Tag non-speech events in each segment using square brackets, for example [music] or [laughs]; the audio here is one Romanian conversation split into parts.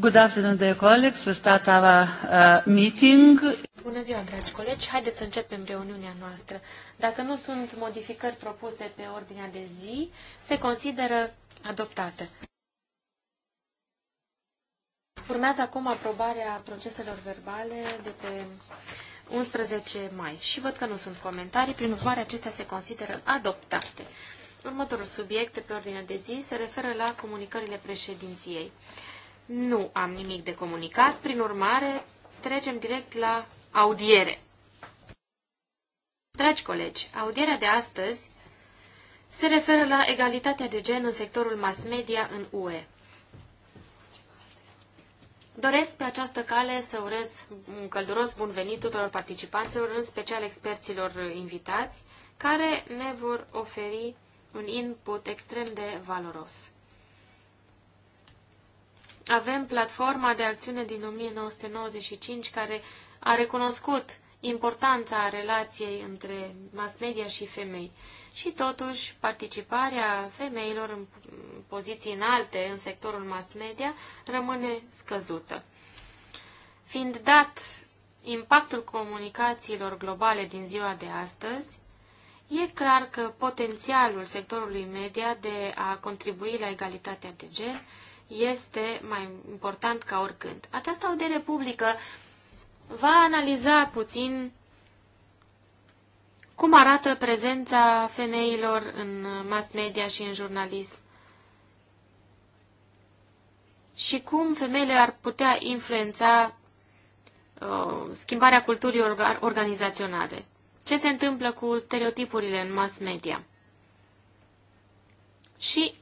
Good afternoon, dear colleagues. We start our uh, meeting. Bună ziua, dragi colegi. Haideți să începem reuniunea noastră. Dacă nu sunt modificări propuse pe ordinea de zi, se consideră adoptată. Urmează acum aprobarea proceselor verbale de pe 11 mai și văd că nu sunt comentarii, prin urmare acestea se consideră adoptate. Următorul subiect pe ordinea de zi se referă la comunicările președinției. Nu am nimic de comunicat, prin urmare trecem direct la audiere. Dragi colegi, audierea de astăzi se referă la egalitatea de gen în sectorul mass media în UE. Doresc pe această cale să urez un călduros bun venit tuturor participanților, în special experților invitați, care ne vor oferi un input extrem de valoros. Avem platforma de acțiune din 1995 care a recunoscut importanța relației între mass media și femei. Și totuși, participarea femeilor în poziții înalte în sectorul mass media rămâne scăzută. Fiind dat impactul comunicațiilor globale din ziua de astăzi, E clar că potențialul sectorului media de a contribui la egalitatea de gen este mai important ca oricând. Această audiere publică va analiza puțin cum arată prezența femeilor în mass media și în jurnalism și cum femeile ar putea influența uh, schimbarea culturii organizaționale ce se întâmplă cu stereotipurile în mass media și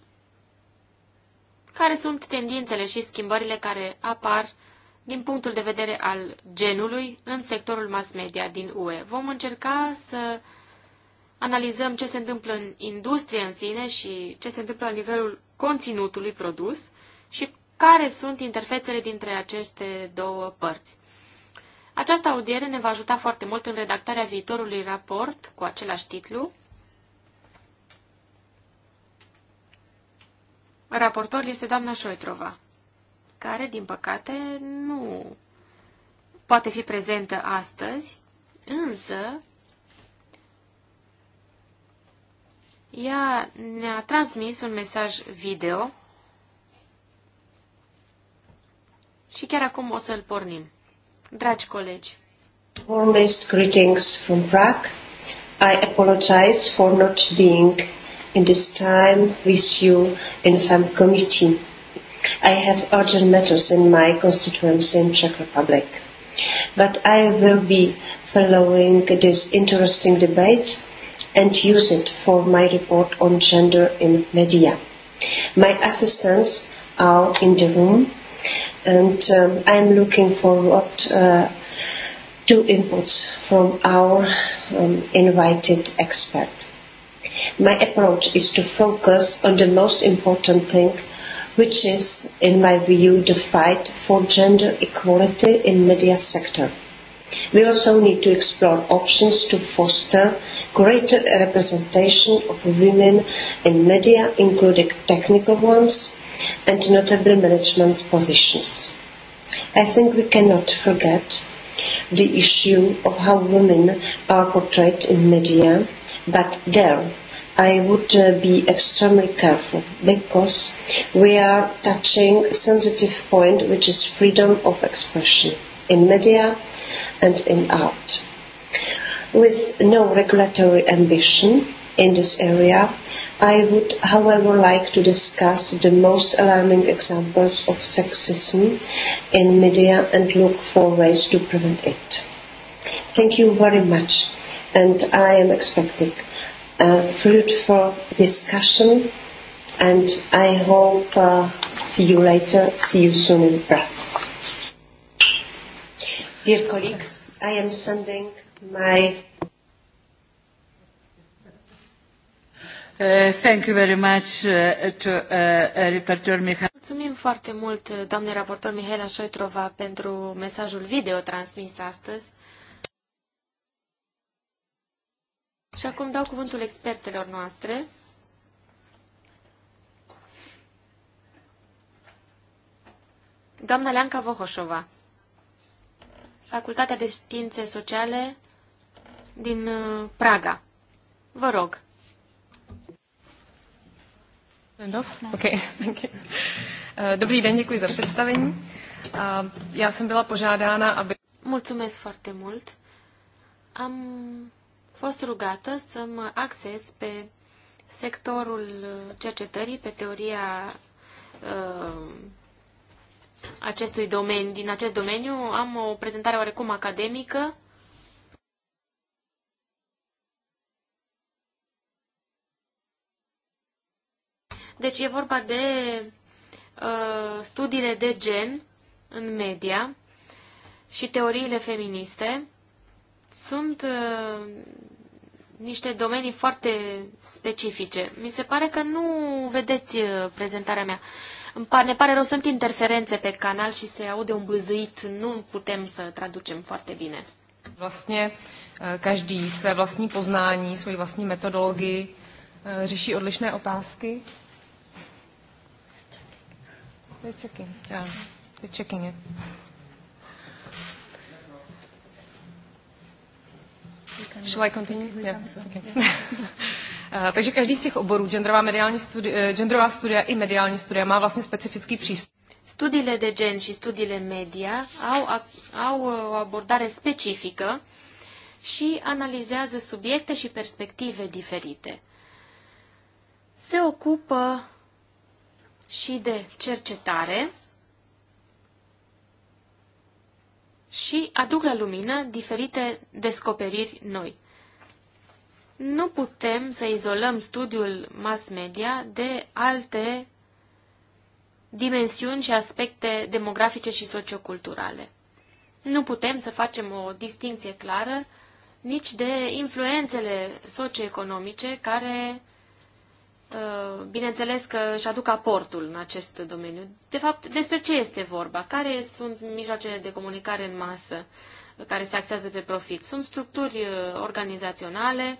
care sunt tendințele și schimbările care apar din punctul de vedere al genului în sectorul mass media din UE. Vom încerca să analizăm ce se întâmplă în industrie în sine și ce se întâmplă la nivelul conținutului produs și care sunt interfețele dintre aceste două părți. Această audiere ne va ajuta foarte mult în redactarea viitorului raport cu același titlu. Raportor este doamna Șoitrova, care, din păcate, nu poate fi prezentă astăzi, însă ea ne-a transmis un mesaj video și chiar acum o să-l pornim. Dragi colegi, warmest greetings from Prague. I apologize for not being in this time with you in FEM committee. I have urgent matters in my constituency in Czech Republic. But I will be following this interesting debate and use it for my report on gender in media. My assistants are in the room and um, I'm looking forward uh, to inputs from our um, invited expert. My approach is to focus on the most important thing, which is, in my view, the fight for gender equality in media sector. We also need to explore options to foster greater representation of women in media, including technical ones, and notable management positions. I think we cannot forget the issue of how women are portrayed in media, but there I would uh, be extremely careful because we are touching a sensitive point which is freedom of expression in media and in art. With no regulatory ambition in this area, I would, however, like to discuss the most alarming examples of sexism in media and look for ways to prevent it. Thank you very much, and I am expecting a fruitful discussion, and I hope uh, see you later, see you soon in Brussels. Dear colleagues, I am sending my Mulțumim foarte mult, doamne raportor Mihaela Șoitrova, pentru mesajul video transmis astăzi. Și acum dau cuvântul expertelor noastre. Doamna Leanca Vohoșova, Facultatea de Științe Sociale din uh, Praga. Vă rog. Okay, eh, Dobrý den, děkuji za představení. Eh, já jsem byla požádána, aby... Mulțumesc foarte mult. Am fost rugată să mă acces pe sectorul cercetării, pe teoria uh, acestui domeniu. Din acest domeniu am o prezentare oarecum academică Deci e vorba de uh, studiile de gen în media și teoriile feministe. Sunt uh, niște domenii foarte specifice. Mi se pare că nu vedeți uh, prezentarea mea. Ne pare rău, sunt interferențe pe canal și se aude un bâzâit. Nu putem să traducem foarte bine. Vlastně uh, každý své vlastní poznání, svoji vlastní metodologii uh, řeší odlišné otázky They're checking. Yeah. Da, They're checking it. Shall I continue? Yeah. Okay. Da. [laughs] Uh, takže každý z těch oborů, genderová, mediální studi- eh, genderová studia i mediální studia, má vlastně specifický přístup. Studiile de gen și studiile media au, au uh, o abordare specifică și analizează subiecte și perspective diferite. Se ocupă și de cercetare și aduc la lumină diferite descoperiri noi. Nu putem să izolăm studiul mass media de alte dimensiuni și aspecte demografice și socioculturale. Nu putem să facem o distinție clară nici de influențele socioeconomice care Uh, bineînțeles că își aduc aportul în acest domeniu. De fapt, despre ce este vorba? Care sunt mijloacele de comunicare în masă care se axează pe profit? Sunt structuri uh, organizaționale,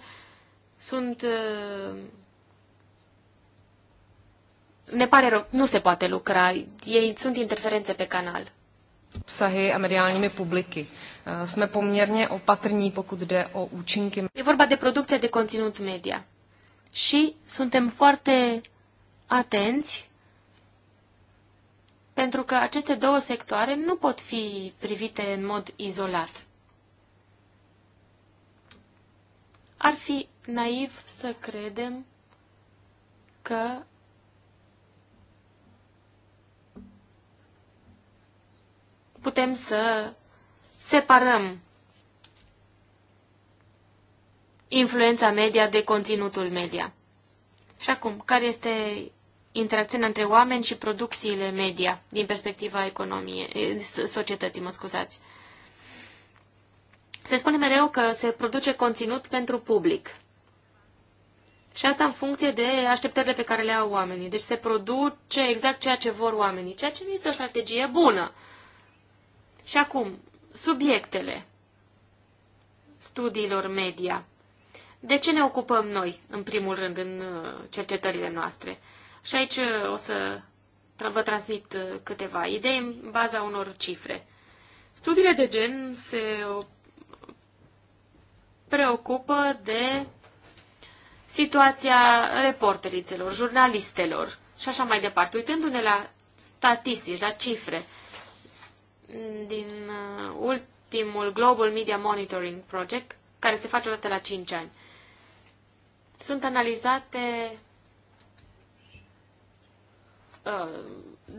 sunt... Uh, ne pare rău, nu se poate lucra, ei sunt interferențe pe canal. Obsahy a mediálními publiky. Eh, jsme poměrně opatrní, pokud jde o účinky. Je vorba de producție de conținut media și suntem foarte atenți pentru că aceste două sectoare nu pot fi privite în mod izolat. Ar fi naiv să credem că putem să separăm influența media de conținutul media. Și acum, care este interacțiunea între oameni și producțiile media din perspectiva economiei, eh, societății, mă scuzați. Se spune mereu că se produce conținut pentru public. Și asta în funcție de așteptările pe care le au oamenii. Deci se produce exact ceea ce vor oamenii, ceea ce nu este o strategie bună. Și acum, subiectele studiilor media de ce ne ocupăm noi, în primul rând, în uh, cercetările noastre. Și aici uh, o să vă transmit uh, câteva idei în baza unor cifre. Studiile de gen se preocupă de situația reporterițelor, jurnalistelor și așa mai departe, uitându-ne la statistici, la cifre. Din ultimul Global Media Monitoring Project, care se face odată la 5 ani sunt analizate uh,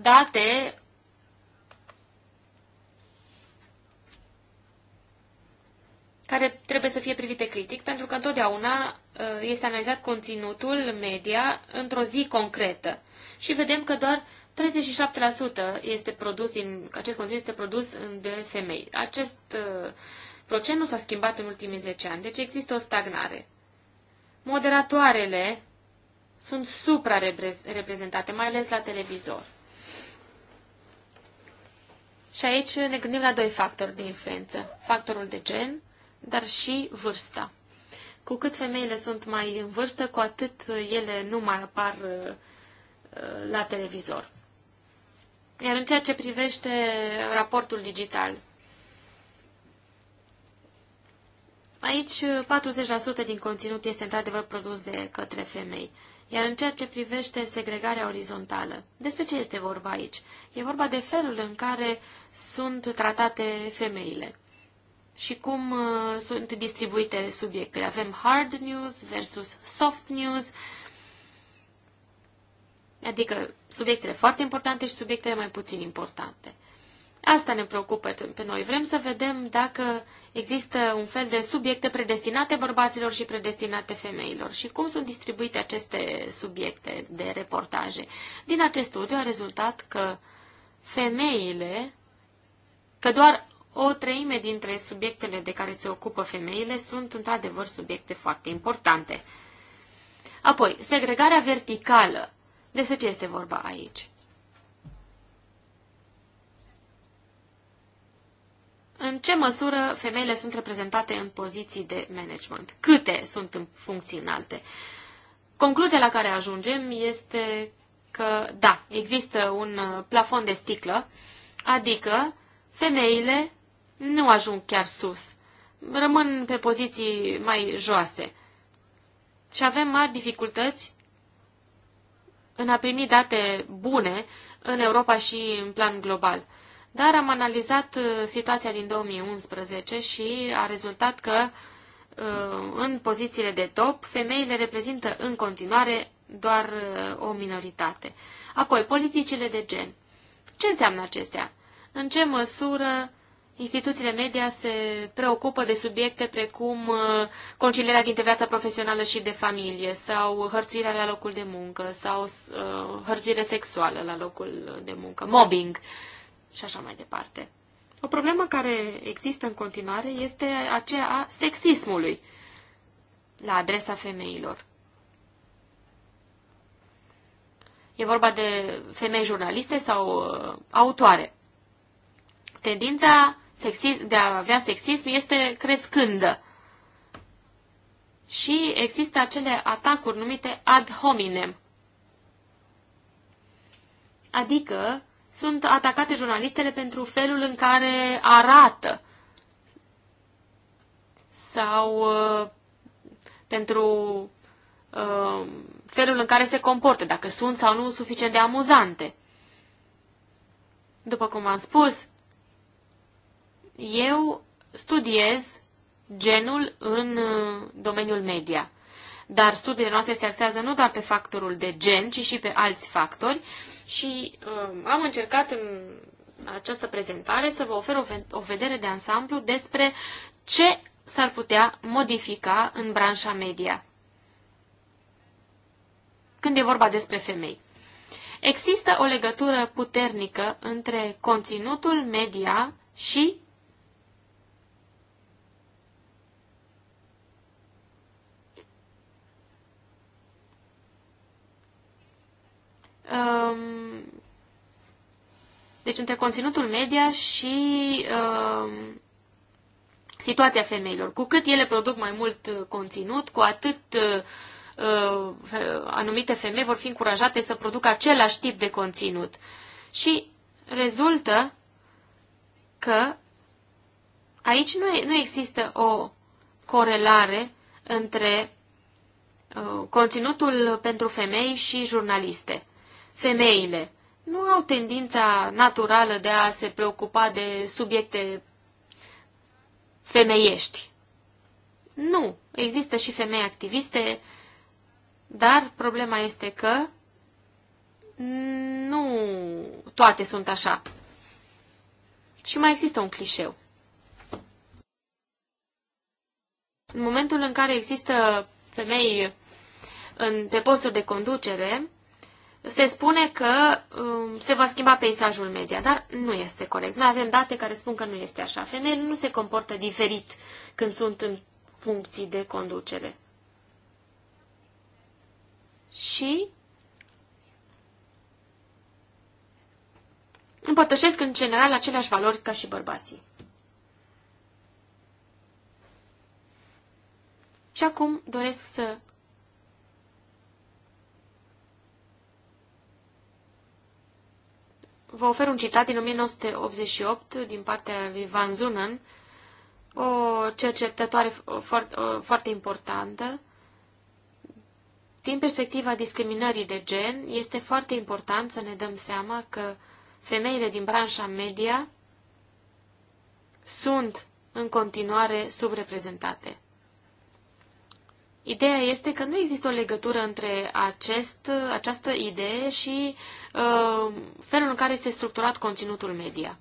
date care trebuie să fie privite critic, pentru că întotdeauna uh, este analizat conținutul media într-o zi concretă. Și vedem că doar 37% este produs din acest conținut este produs de femei. Acest uh, procent nu s-a schimbat în ultimii 10 ani, deci există o stagnare moderatoarele sunt supra-reprezentate, mai ales la televizor. Și aici ne gândim la doi factori de influență. Factorul de gen, dar și vârsta. Cu cât femeile sunt mai în vârstă, cu atât ele nu mai apar uh, uh, la televizor. Iar în ceea ce privește raportul digital, Aici 40% uh, din conținut este într-adevăr produs de către femei. Iar în ceea ce privește segregarea orizontală, despre ce este vorba aici? E vorba de felul în care sunt tratate femeile și cum uh, sunt distribuite subiectele. Avem hard news versus soft news, adică subiectele foarte importante și subiectele mai puțin importante. Asta ne preocupă pe noi. Vrem să vedem dacă există un fel de subiecte predestinate bărbaților și predestinate femeilor și cum sunt distribuite aceste subiecte de reportaje. Din acest studiu a rezultat că femeile, că doar o treime dintre subiectele de care se ocupă femeile sunt într-adevăr subiecte foarte importante. Apoi, segregarea verticală. Despre ce este vorba aici? în ce măsură femeile sunt reprezentate în poziții de management, câte sunt în funcții înalte. Concluzia la care ajungem este că, da, există un uh, plafon de sticlă, adică femeile nu ajung chiar sus, rămân pe poziții mai joase. Și avem mari dificultăți în a primi date bune în Europa și în plan global. Dar am analizat uh, situația din 2011 și a rezultat că uh, în pozițiile de top, femeile reprezintă în continuare doar uh, o minoritate. Apoi, politicile de gen. Ce înseamnă acestea? În ce măsură instituțiile media se preocupă de subiecte precum concilierea dintre viața profesională și de familie sau hărțuirea la locul de muncă sau hărțuire sexuală la locul de muncă, mobbing și așa mai departe. O problemă care există în continuare este aceea a sexismului la adresa femeilor. E vorba de femei jurnaliste sau uh, autoare. Tendința de a avea sexism este crescândă. Și există acele atacuri numite ad hominem. Adică sunt atacate jurnalistele pentru felul în care arată sau uh, pentru uh, felul în care se comportă, dacă sunt sau nu suficient de amuzante. După cum am spus, eu studiez genul în uh, domeniul media. Dar studiile noastre se axează nu doar pe factorul de gen, ci și pe alți factori și um, am încercat în această prezentare să vă ofer o, ve o vedere de ansamblu despre ce s-ar putea modifica în branșa media când e vorba despre femei. Există o legătură puternică între conținutul media și Um, deci între conținutul media și um, situația femeilor. Cu cât ele produc mai mult uh, conținut, cu atât uh, uh anumite femei vor fi încurajate să producă același tip de conținut. Și rezultă că aici nu, e, nu există o corelare între uh, conținutul pentru femei și jurnaliste femeile nu au tendința naturală de a se preocupa de subiecte femeiești. Nu, există și femei activiste, dar problema este că nu toate sunt așa. Și mai există un clișeu. În momentul în care există femei în, pe posturi de conducere, se spune că um, se va schimba peisajul media, dar nu este corect. Noi avem date care spun că nu este așa. Femeile nu se comportă diferit când sunt în funcții de conducere. Și împărtășesc în general aceleași valori ca și bărbații. Și acum doresc să vă ofer un citat din 1988 din partea lui Van Zunen, o cercetătoare foarte importantă. Din perspectiva discriminării de gen, este foarte important să ne dăm seama că femeile din branșa media sunt în continuare subreprezentate. Ideea este că nu există o legătură între acest, această idee și uh, felul în care este structurat conținutul media.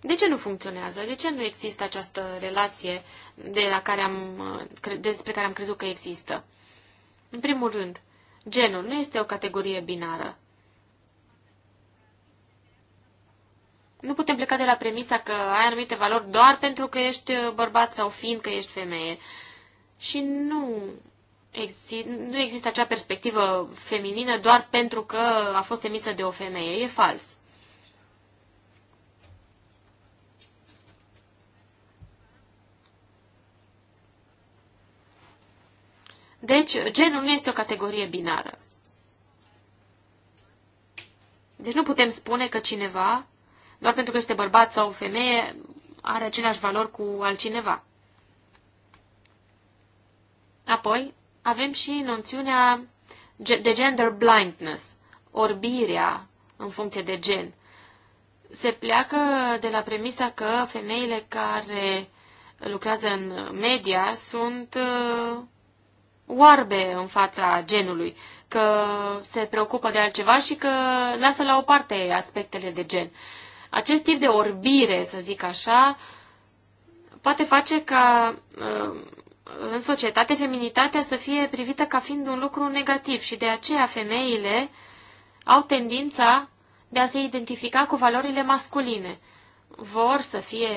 De ce nu funcționează? De ce nu există această relație de la care am, uh, despre care am crezut că există? În primul rând, genul nu este o categorie binară. Nu putem pleca de la premisa că ai anumite valori doar pentru că ești bărbat sau fiindcă ești femeie. Uh, și nu, exi- nu există acea perspectivă feminină doar pentru că a fost emisă de o femeie. E fals. Deci, genul nu este o categorie binară. Deci nu putem spune că cineva, doar pentru că este bărbat sau femeie, are aceleași valori cu altcineva. Apoi, avem și noțiunea de gender blindness, orbirea în funcție de gen. Se pleacă de la premisa că femeile care lucrează în media sunt uh, oarbe în fața genului, că se preocupă de altceva și că lasă la o parte aspectele de gen. Acest tip de orbire, să zic așa, poate face ca uh, în societate feminitatea să fie privită ca fiind un lucru negativ și de aceea femeile au tendința de a se identifica cu valorile masculine. Vor să fie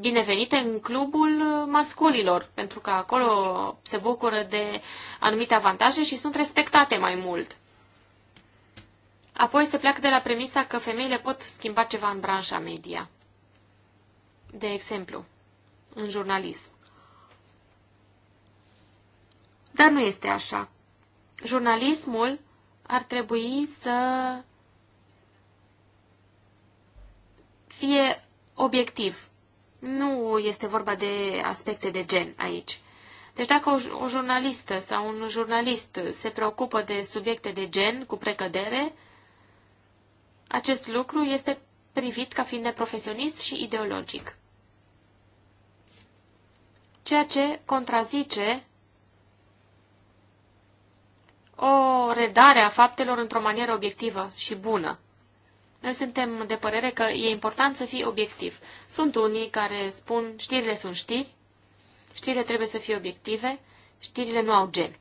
binevenite în clubul masculilor, pentru că acolo se bucură de anumite avantaje și sunt respectate mai mult. Apoi se pleacă de la premisa că femeile pot schimba ceva în branșa media. De exemplu, în jurnalism. Dar nu este așa. Jurnalismul ar trebui să fie obiectiv. Nu este vorba de aspecte de gen aici. Deci dacă o, o jurnalistă sau un jurnalist se preocupă de subiecte de gen cu precădere, acest lucru este privit ca fiind neprofesionist și ideologic. Ceea ce contrazice o redare a faptelor într-o manieră obiectivă și bună. Noi suntem de părere că e important să fii obiectiv. Sunt unii care spun știrile sunt știri, știrile trebuie să fie obiective, știrile nu au gen.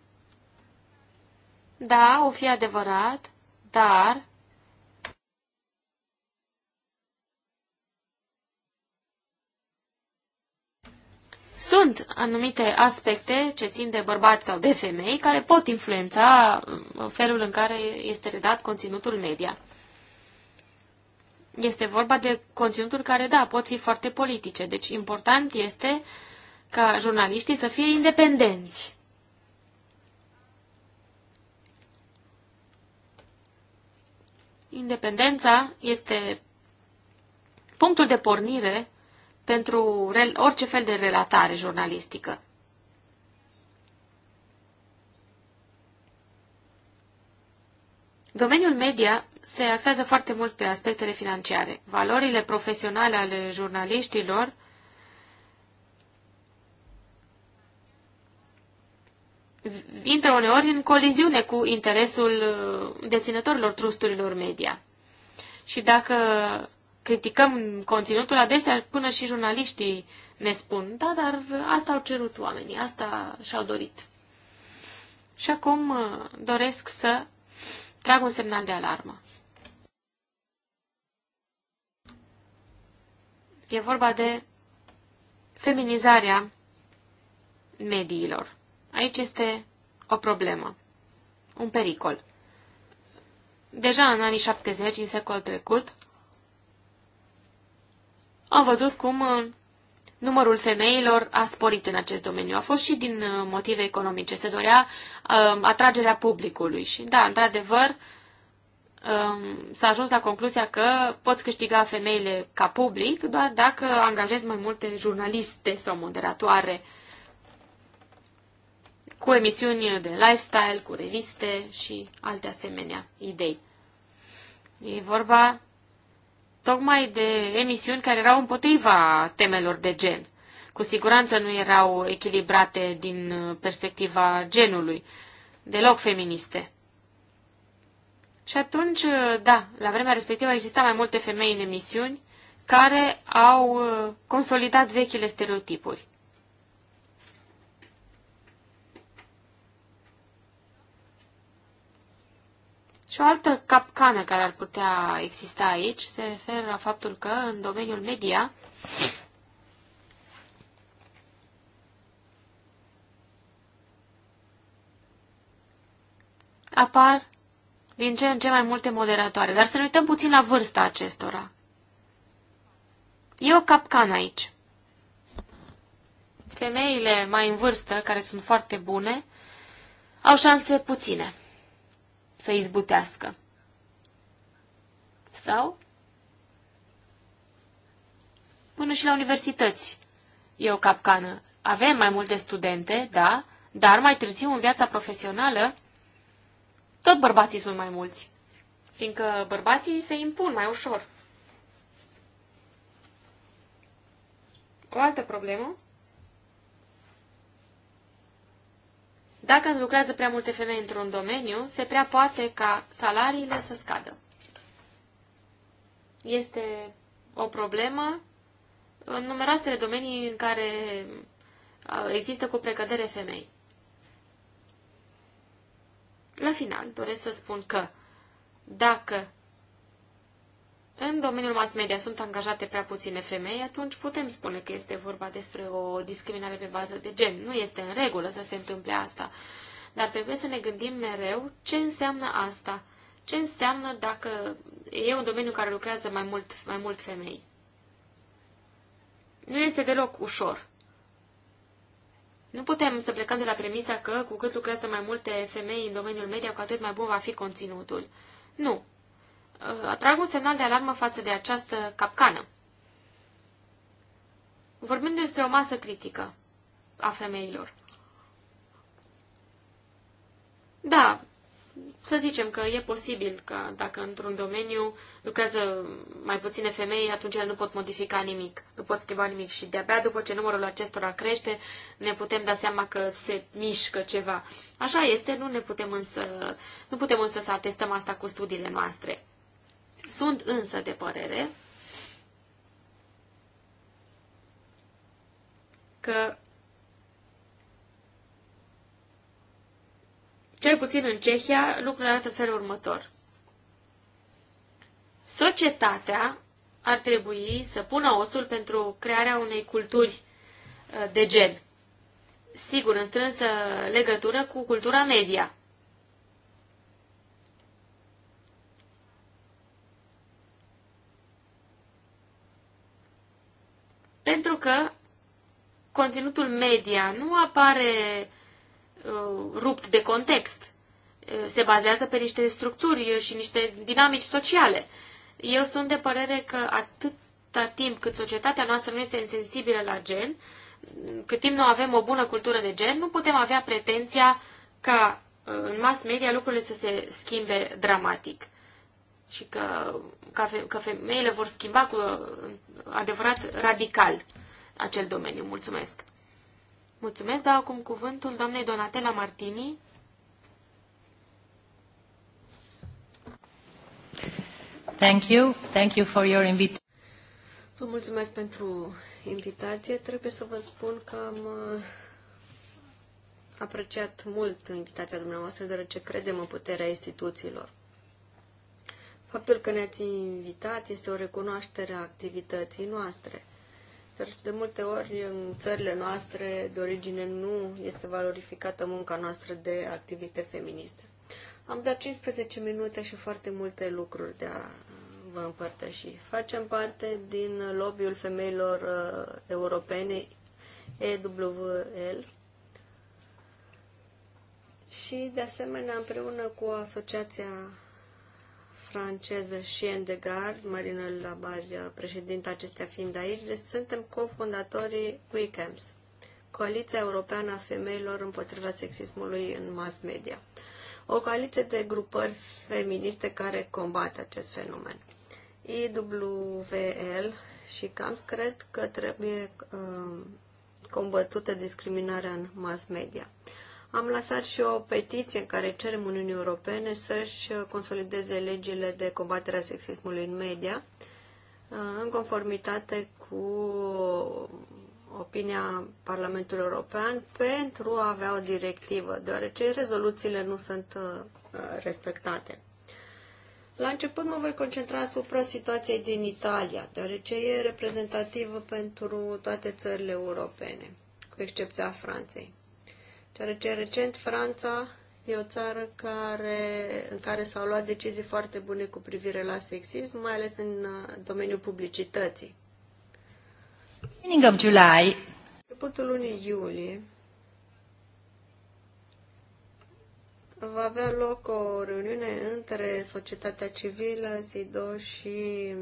Da, o fi adevărat, dar Sunt anumite aspecte ce țin de bărbați sau de femei care pot influența uh, felul în care este redat conținutul media. Este vorba de conținuturi care, da, pot fi foarte politice. Deci important este ca jurnaliștii să fie independenți. Independența este punctul de pornire pentru orice fel de relatare jurnalistică. Domeniul media se axează foarte mult pe aspectele financiare. Valorile profesionale ale jurnaliștilor intră uneori în coliziune cu interesul uh, deținătorilor trusturilor media. Și dacă criticăm conținutul, adesea până și jurnaliștii ne spun, da, dar asta au cerut oamenii, asta și-au dorit. Și acum uh, doresc să trag un semnal de alarmă. E vorba de feminizarea mediilor. Aici este o problemă, un pericol. Deja în anii 70, în secolul trecut, am văzut cum uh, numărul femeilor a sporit în acest domeniu. A fost și din uh, motive economice. Se dorea uh, atragerea publicului și, da, într-adevăr, um, s-a ajuns la concluzia că poți câștiga femeile ca public doar dacă angajezi mai multe jurnaliste sau moderatoare cu emisiuni de lifestyle, cu reviste și alte asemenea idei. E vorba tocmai de emisiuni care erau împotriva temelor de gen. Cu siguranță nu erau echilibrate din uh, perspectiva genului, deloc feministe. Și atunci, uh, da, la vremea respectivă exista mai multe femei în emisiuni care au uh, consolidat vechile stereotipuri. Și o altă capcană care ar putea exista aici se referă la faptul că în domeniul media apar din ce în ce mai multe moderatoare. Dar să ne uităm puțin la vârsta acestora. E o capcană aici. Femeile mai în vârstă, care sunt foarte bune, au șanse puține să izbutească. Sau până și la universități e o capcană. Avem mai multe studente, da, dar mai târziu în viața profesională tot bărbații sunt mai mulți, fiindcă bărbații se impun mai ușor. O altă problemă Dacă lucrează prea multe femei într-un domeniu, se prea poate ca salariile să scadă. Este o problemă în numeroasele domenii în care există cu precădere femei. La final, doresc să spun că dacă în domeniul mass media sunt angajate prea puține femei, atunci putem spune că este vorba despre o discriminare pe bază de gen. Nu este în regulă să se întâmple asta. Dar trebuie să ne gândim mereu ce înseamnă asta. Ce înseamnă dacă e un domeniu care lucrează mai mult, mai mult femei. Nu este deloc ușor. Nu putem să plecăm de la premisa că cu cât lucrează mai multe femei în domeniul media, cu atât mai bun va fi conținutul. Nu, Uh, atrag un semnal de alarmă față de această capcană. Vorbim despre o masă critică a femeilor. Da, să zicem că e posibil că dacă într-un domeniu lucrează mai puține femei, atunci ele nu pot modifica nimic, nu pot schimba nimic și de-abia după ce numărul acestora crește, ne putem da seama că se mișcă ceva. Așa este, nu ne putem însă, nu putem însă să atestăm asta cu studiile noastre. Sunt însă de părere că cel puțin în Cehia lucrurile arată în felul următor. Societatea ar trebui să pună osul pentru crearea unei culturi uh, de gen. Sigur, în strânsă legătură cu cultura media. pentru că conținutul media nu apare uh, rupt de context. Uh, se bazează pe niște structuri și niște dinamici sociale. Eu sunt de părere că atâta timp cât societatea noastră nu este insensibilă la gen, cât timp nu avem o bună cultură de gen, nu putem avea pretenția ca uh, în mass media lucrurile să se schimbe dramatic și că, că, că femeile vor schimba cu adevărat radical acel domeniu. Mulțumesc! Mulțumesc, dau acum cuvântul doamnei Donatella Martini. Thank you. Thank you for your invitation. Vă mulțumesc pentru invitație. Trebuie să vă spun că am uh, apreciat mult invitația dumneavoastră, deoarece credem în puterea instituțiilor. Faptul că ne-ați invitat este o recunoaștere a activității noastre. Dar de multe ori în țările noastre de origine nu este valorificată munca noastră de activiste feministe. Am dat 15 minute și foarte multe lucruri de a vă împărtăși. Facem parte din lobby-ul femeilor uh, europene EWL și de asemenea împreună cu Asociația franceză și Endegar, Marinul Labar, uh, președinta acestea fiind aici, deci suntem cofondatorii WeCamps, Coaliția Europeană a Femeilor împotriva sexismului în mass media. O coaliție de grupări feministe care combat acest fenomen. IWL și CAMS cred că trebuie uh, combătută discriminarea în mass media. Am lăsat și o petiție în care cerem Uniunii Europene să-și consolideze legile de combatere a sexismului în media, uh, în conformitate cu opinia Parlamentului European pentru a avea o directivă, deoarece rezoluțiile nu sunt uh, respectate. La început mă voi concentra asupra situației din Italia, deoarece e reprezentativă pentru toate țările europene, cu excepția Franței deoarece recent Franța e o țară care, în care s-au luat decizii foarte bune cu privire la sexism, mai ales în uh, domeniul publicității. Beginning of July. Începutul lunii iulie va avea loc o reuniune între societatea civilă, SIDO și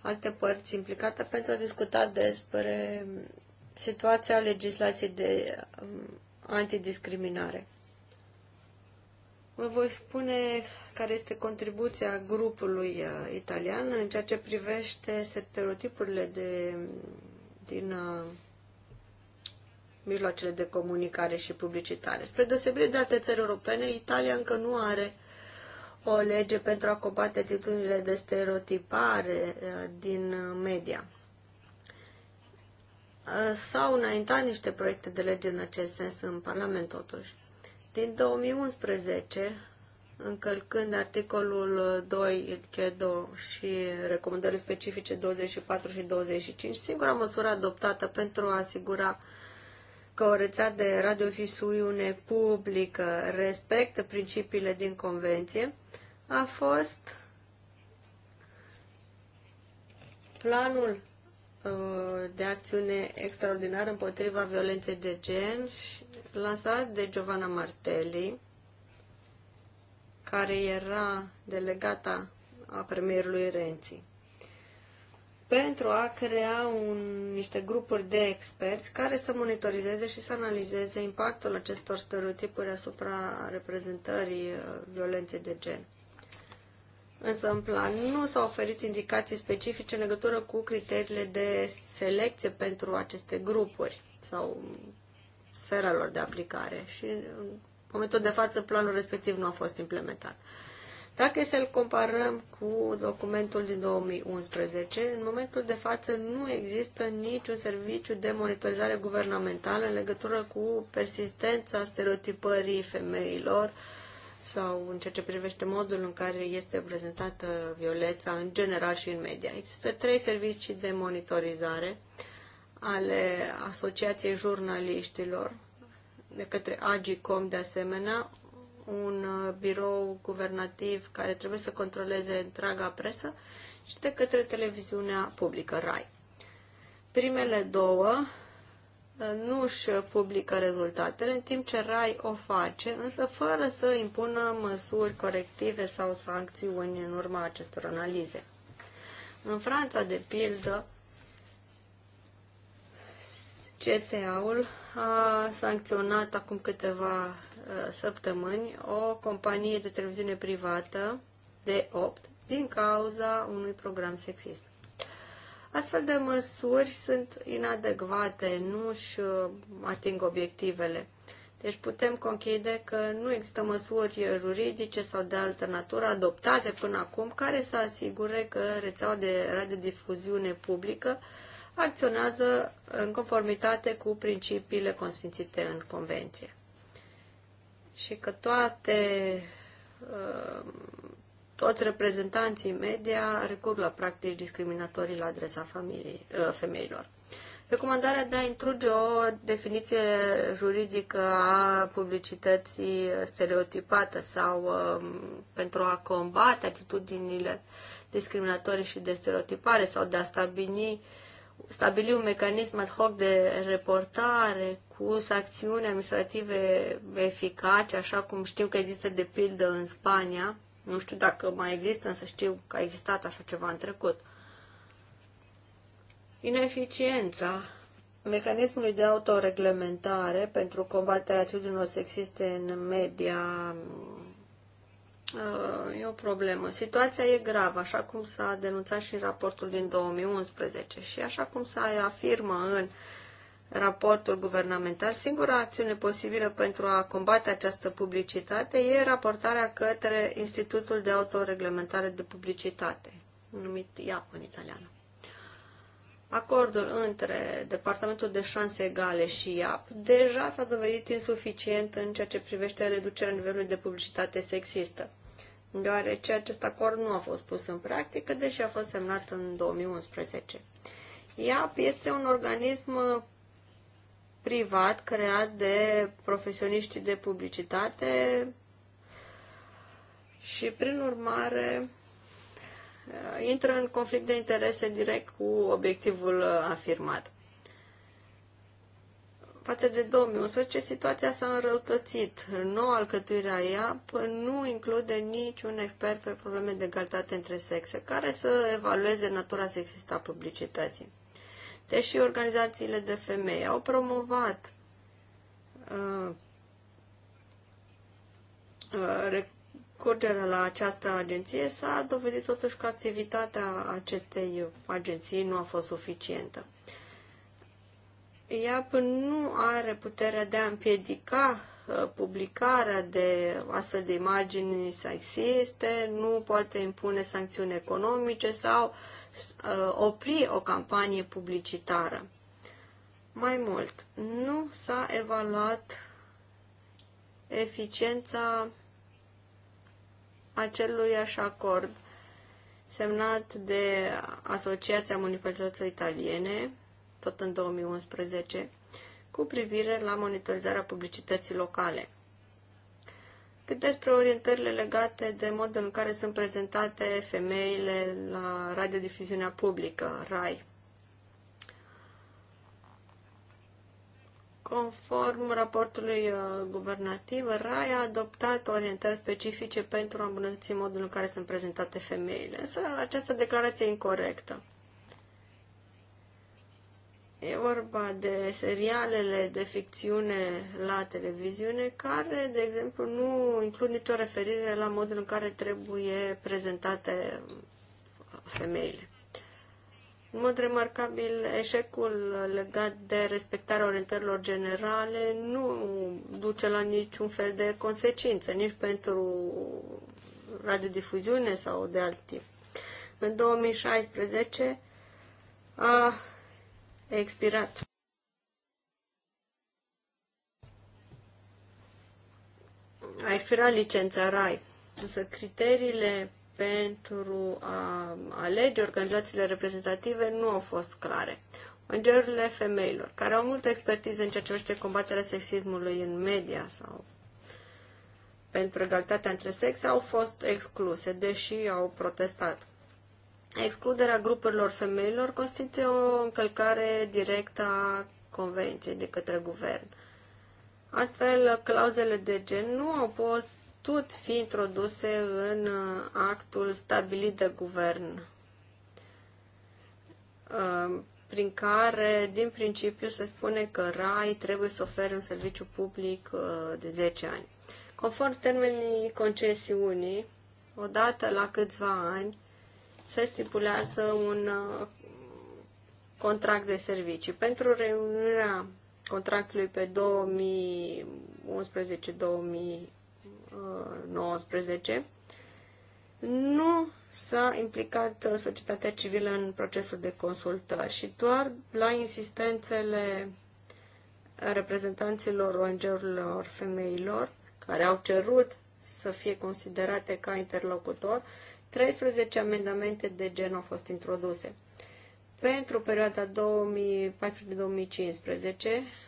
alte părți implicate pentru a discuta despre situația legislației de um, antidiscriminare. Vă voi spune care este contribuția grupului uh, italian în ceea ce privește stereotipurile de, din uh, mijloacele de comunicare și publicitare. Spre deosebire de alte țări europene, Italia încă nu are o lege pentru a combate atitudinile de stereotipare uh, din uh, media. Uh, s-au înaintat niște proiecte de lege în acest sens în Parlament, totuși. Din 2011, încălcând articolul 2 CEDO și recomandările specifice 24 și 25, singura măsură adoptată pentru a asigura că o rețea de radiofisiune publică respectă principiile din convenție a fost planul Uh, de acțiune extraordinară împotriva violenței de gen, lansat de Giovanna Martelli, care era delegata a premierului Renzi, pentru a crea un, niște grupuri de experți care să monitorizeze și să analizeze impactul acestor stereotipuri asupra reprezentării uh, violenței de gen. Însă în plan nu s-au oferit indicații specifice în legătură cu criteriile de selecție pentru aceste grupuri sau sfera lor de aplicare și în momentul de față planul respectiv nu a fost implementat. Dacă e să-l comparăm cu documentul din 2011, în momentul de față nu există niciun serviciu de monitorizare guvernamentală în legătură cu persistența stereotipării femeilor, uh, sau în ceea ce privește modul în care este prezentată violența în general și în media. Există trei servicii de monitorizare ale Asociației Jurnaliștilor, de către AGICOM de asemenea, un birou guvernativ care trebuie să controleze întreaga presă și de către televiziunea publică, RAI. Primele două nu își publică rezultatele, în timp ce RAI o face, însă fără să impună măsuri corective sau sancțiuni în urma acestor analize. În Franța, de pildă, CSA-ul a sancționat acum câteva uh, săptămâni o companie de televiziune privată de 8 din cauza unui program sexist. Astfel de măsuri sunt inadecvate, nu își uh, ating obiectivele. Deci putem conchide că nu există măsuri juridice sau de altă natură adoptate până acum care să asigure că rețeaua de radiodifuziune publică acționează în conformitate cu principiile consfințite în convenție. Și că toate uh, toți reprezentanții media recurg la practici discriminatorii la adresa familiei, ă, femeilor. Recomandarea de a introduce o definiție juridică a publicității stereotipată sau um, pentru a combate atitudinile discriminatorii și de stereotipare sau de a stabili, stabili un mecanism ad hoc de reportare cu sancțiuni administrative eficace, așa cum știm că există de pildă în Spania, nu știu dacă mai există, însă știu că a existat așa ceva în trecut. Ineficiența mecanismului de autoreglementare pentru combaterea atitudinilor sexiste în media uh, e o problemă. Situația e gravă, așa cum s-a denunțat și în raportul din 2011 și așa cum s-a afirmă în raportul guvernamental, singura acțiune posibilă pentru a combate această publicitate e raportarea către Institutul de Autoreglementare de Publicitate, numit IAP în italiană. Acordul între Departamentul de Șanse Egale și IAP deja s-a dovedit insuficient în ceea ce privește reducerea nivelului de publicitate sexistă, deoarece acest acord nu a fost pus în practică, deși a fost semnat în 2011. IAP este un organism privat creat de profesioniști de publicitate și, prin urmare, uh, intră în conflict de interese direct cu obiectivul uh, afirmat. Față de 2011, situația s-a înrăutățit. Noua alcătuire a ea nu include niciun expert pe probleme de egalitate între sexe, care să evalueze natura sexistă a publicității deși organizațiile de femei au promovat uh, uh, recurgerea la această agenție, s-a dovedit totuși că activitatea acestei agenții nu a fost suficientă. IAP nu are puterea de a împiedica uh, publicarea de astfel de imagini sexiste, nu poate impune sancțiuni economice sau Uh, opri o campanie publicitară. Mai mult, nu s-a evaluat eficiența acelui așa acord semnat de Asociația Municipalităților Italiene, tot în 2011, cu privire la monitorizarea publicității locale. Cât despre orientările legate de modul în care sunt prezentate femeile la radiodifuziunea publică, RAI. Conform raportului uh, guvernativ, RAI a adoptat orientări specifice pentru a îmbunătăți modul în care sunt prezentate femeile, însă această declarație e incorrectă. E vorba de serialele de ficțiune la televiziune care, de exemplu, nu includ nicio referire la modul în care trebuie prezentate femeile. În mod remarcabil, eșecul legat de respectarea orientărilor generale nu duce la niciun fel de consecință nici pentru radiodifuziune sau de alt tip. În 2016 a expirat. A expirat licența RAI, însă criteriile pentru a alege organizațiile reprezentative nu au fost clare. Îngerurile femeilor, care au multă expertiză în ceea ce privește combaterea sexismului în media sau pentru egalitatea între sexe, au fost excluse, deși au protestat Excluderea grupurilor femeilor constituie o încălcare directă a convenției de către guvern. Astfel, clauzele de gen nu au putut fi introduse în uh, actul stabilit de guvern, uh, prin care, din principiu, se spune că RAI trebuie să ofere un serviciu public uh, de 10 ani. Conform termenii concesiunii, odată la câțiva ani, se stipulează un uh, contract de servicii. Pentru reuniunea contractului pe 2011-2019 uh, nu s-a implicat uh, societatea civilă în procesul de consultări și doar la insistențele reprezentanților ONG-urilor femeilor care au cerut să fie considerate ca interlocutor, 13 amendamente de gen au fost introduse. Pentru perioada 2014-2015,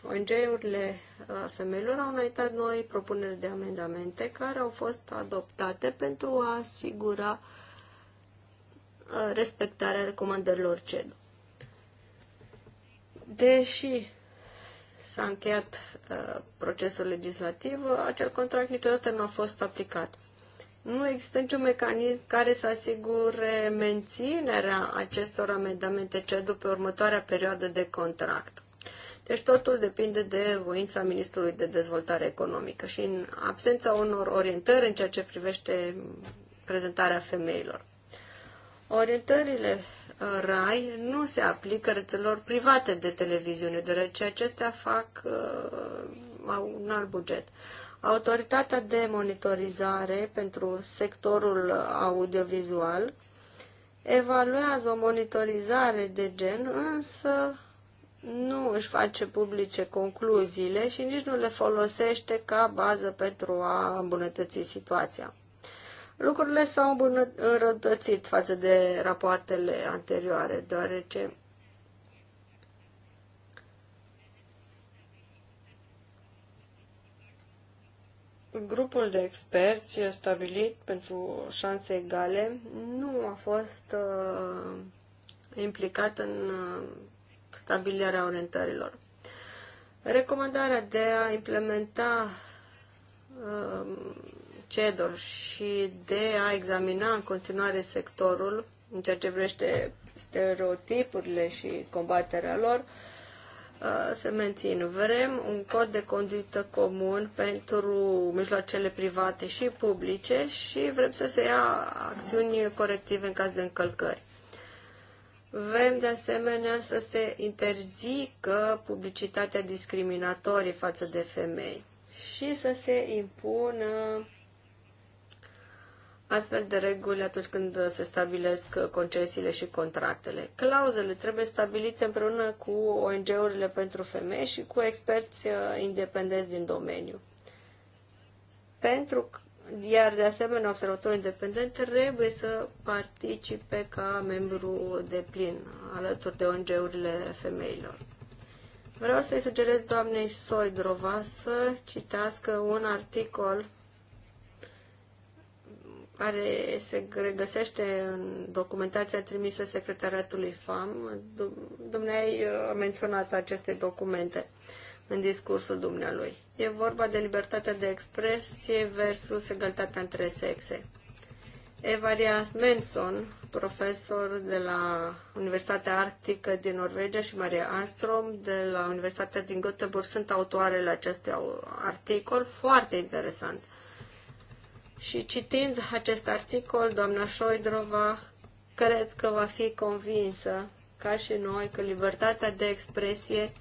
ONG-urile uh, femeilor au înaintat noi propuneri de amendamente care au fost adoptate pentru a asigura uh, respectarea recomandărilor CEDO. Deși s-a încheiat uh, procesul legislativ, acel contract niciodată nu a fost aplicat nu există niciun mecanism care să asigure menținerea acestor amendamente ce după următoarea perioadă de contract. Deci totul depinde de voința Ministrului de Dezvoltare Economică și în absența unor orientări în ceea ce privește prezentarea femeilor. Orientările uh, RAI nu se aplică rețelor private de televiziune, deoarece acestea fac uh, un alt buget. Autoritatea de monitorizare pentru sectorul audiovizual evaluează o monitorizare de gen, însă nu își face publice concluziile și nici nu le folosește ca bază pentru a îmbunătăți situația. Lucrurile s-au înrăutățit față de rapoartele anterioare, deoarece grupul de experți stabilit pentru șanse egale nu a fost uh, implicat în uh, stabilirea orientărilor. Recomandarea de a implementa uh, CEDOR și de a examina în continuare sectorul în ceea ce privește stereotipurile și combaterea lor uh, Uh, se mențin. Vrem un cod de conduită comun pentru mijloacele private și publice și vrem să se ia acțiuni corective în caz de încălcări. Vrem de asemenea să se interzică publicitatea discriminatorie față de femei și să se impună astfel de reguli atunci când se stabilesc concesiile și contractele. Clauzele trebuie stabilite împreună cu ONG-urile pentru femei și cu experți uh, independenți din domeniu. Pentru iar de asemenea observator independent trebuie să participe ca membru de plin alături de ONG-urile femeilor. Vreau să-i sugerez doamnei Soidrova să citească un articol care se regăsește în documentația trimisă secretariatului FAM. Dumnezeu uh, a menționat aceste documente în discursul dumnealui. E vorba de libertatea de expresie versus egalitatea între sexe. Evarias Manson, profesor de la Universitatea Arctică din Norvegia și Maria Anstrom de la Universitatea din Göteborg sunt autoarele acestui articol foarte interesant. Și citind acest articol, doamna Șoidrova cred că va fi convinsă, ca și noi, că libertatea de expresie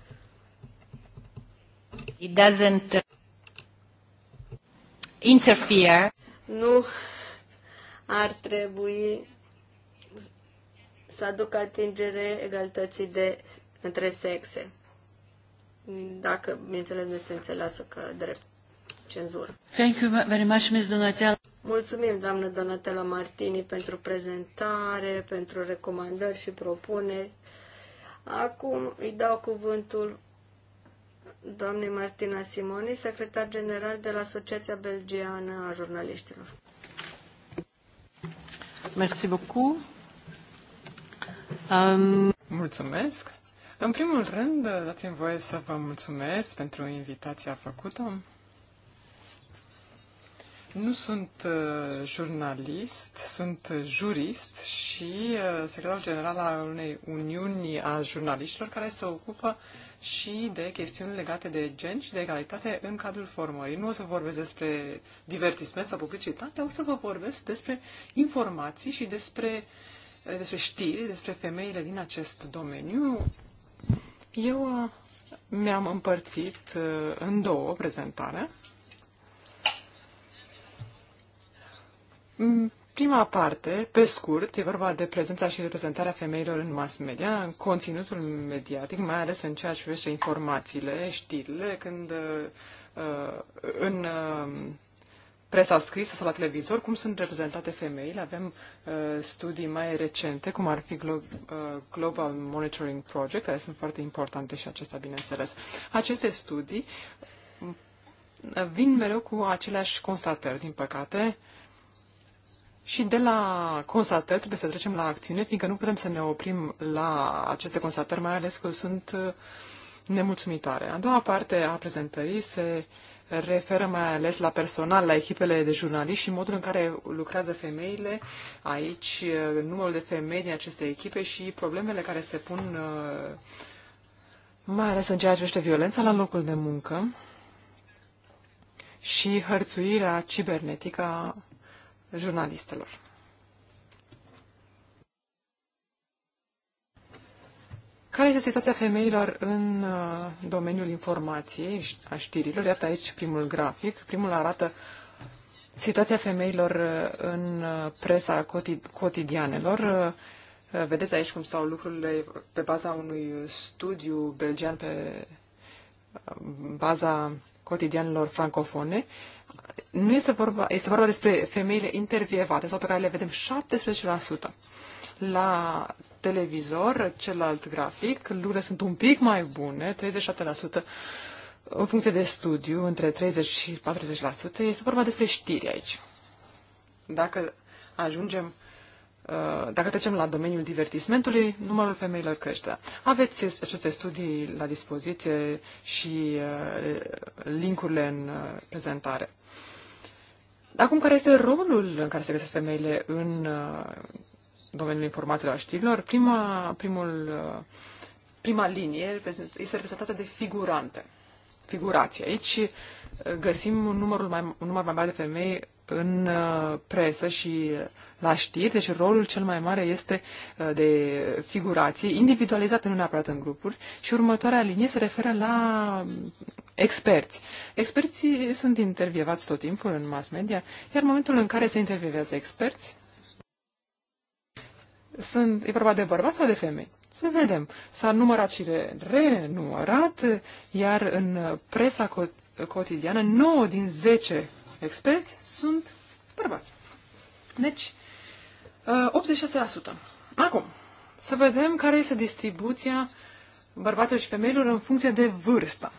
It doesn't interfere. Nu ar trebui să aducă atingere egalității de, între sexe. Dacă, bineînțeles, nu este înțeleasă că drept cenzură. Thank you very much, Ms. Donatella. Mulțumim, doamnă Donatella Martini, pentru prezentare, pentru recomandări și propuneri. Acum îi dau cuvântul doamnei Martina Simoni, secretar general de la Asociația Belgiană a Jurnaliștilor. Merci beaucoup. Um... Mulțumesc. În primul rând, dați-mi voie să vă mulțumesc pentru invitația făcută. Nu sunt uh, jurnalist, sunt uh, jurist și uh, secretar general al unei uniuni a jurnaliștilor care se ocupă și de chestiuni legate de gen și de egalitate în cadrul formării. Nu o să vorbesc despre divertisment sau publicitate, o să vă vorbesc despre informații și despre, uh, despre știri, despre femeile din acest domeniu. Eu mi-am împărțit în două prezentarea. Prima parte, pe scurt, e vorba de prezența și reprezentarea femeilor în mass media, în conținutul mediatic, mai ales în ceea ce privește informațiile, știrile, când uh, în uh, presa scrisă sau la televizor, cum sunt reprezentate femeile. Avem uh, studii mai recente, cum ar fi Glo- uh, Global Monitoring Project, care sunt foarte importante și acestea, bineînțeles. Aceste studii vin mereu cu aceleași constatări, din păcate, și de la constatări trebuie să trecem la acțiune, fiindcă nu putem să ne oprim la aceste constatări, mai ales că sunt uh, nemulțumitoare. A doua parte a prezentării se referă mai ales la personal, la echipele de jurnaliști și modul în care lucrează femeile aici, uh, numărul de femei din aceste echipe și problemele care se pun uh, mai ales în ceea ce privește violența la locul de muncă și hărțuirea cibernetică jurnalistelor. Care este situația femeilor în uh, domeniul informației, a știrilor? Iată aici primul grafic. Primul arată situația femeilor uh, în uh, presa cotidianelor. Vedeți aici cum stau lucrurile pe baza unui studiu belgian pe baza cotidianelor francofone nu este vorba, este vorba despre femeile intervievate sau pe care le vedem 17% la televizor, celălalt grafic, lucrurile sunt un pic mai bune, 37% în funcție de studiu, între 30 și 40%. Este vorba despre știri aici. Dacă ajungem Uh, dacă trecem la domeniul divertismentului, numărul femeilor crește. Aveți aceste studii la dispoziție și uh, linkurile în uh, prezentare. Acum, care este rolul în care se găsesc femeile în domeniul informațiilor știrilor? Prima, primul, prima linie este reprezentată de figurante, figurații. Aici găsim un, numărul mai, un număr mai mare de femei în uh, presă și la știri, deci rolul cel mai mare este uh, de figurație, individualizată, nu neapărat în grupuri, și următoarea linie se referă la um, experți. Experții sunt intervievați tot timpul în mass media, iar în momentul în care se intervievează experți, sunt, e vorba de bărbați sau de femei? Să vedem. S-a numărat și renumărat, iar în presa cotidiană 9 din 10 experți sunt bărbați. Deci, 86%. Uh, Acum, să vedem care este distribuția bărbaților și femeilor în funcție de vârstă.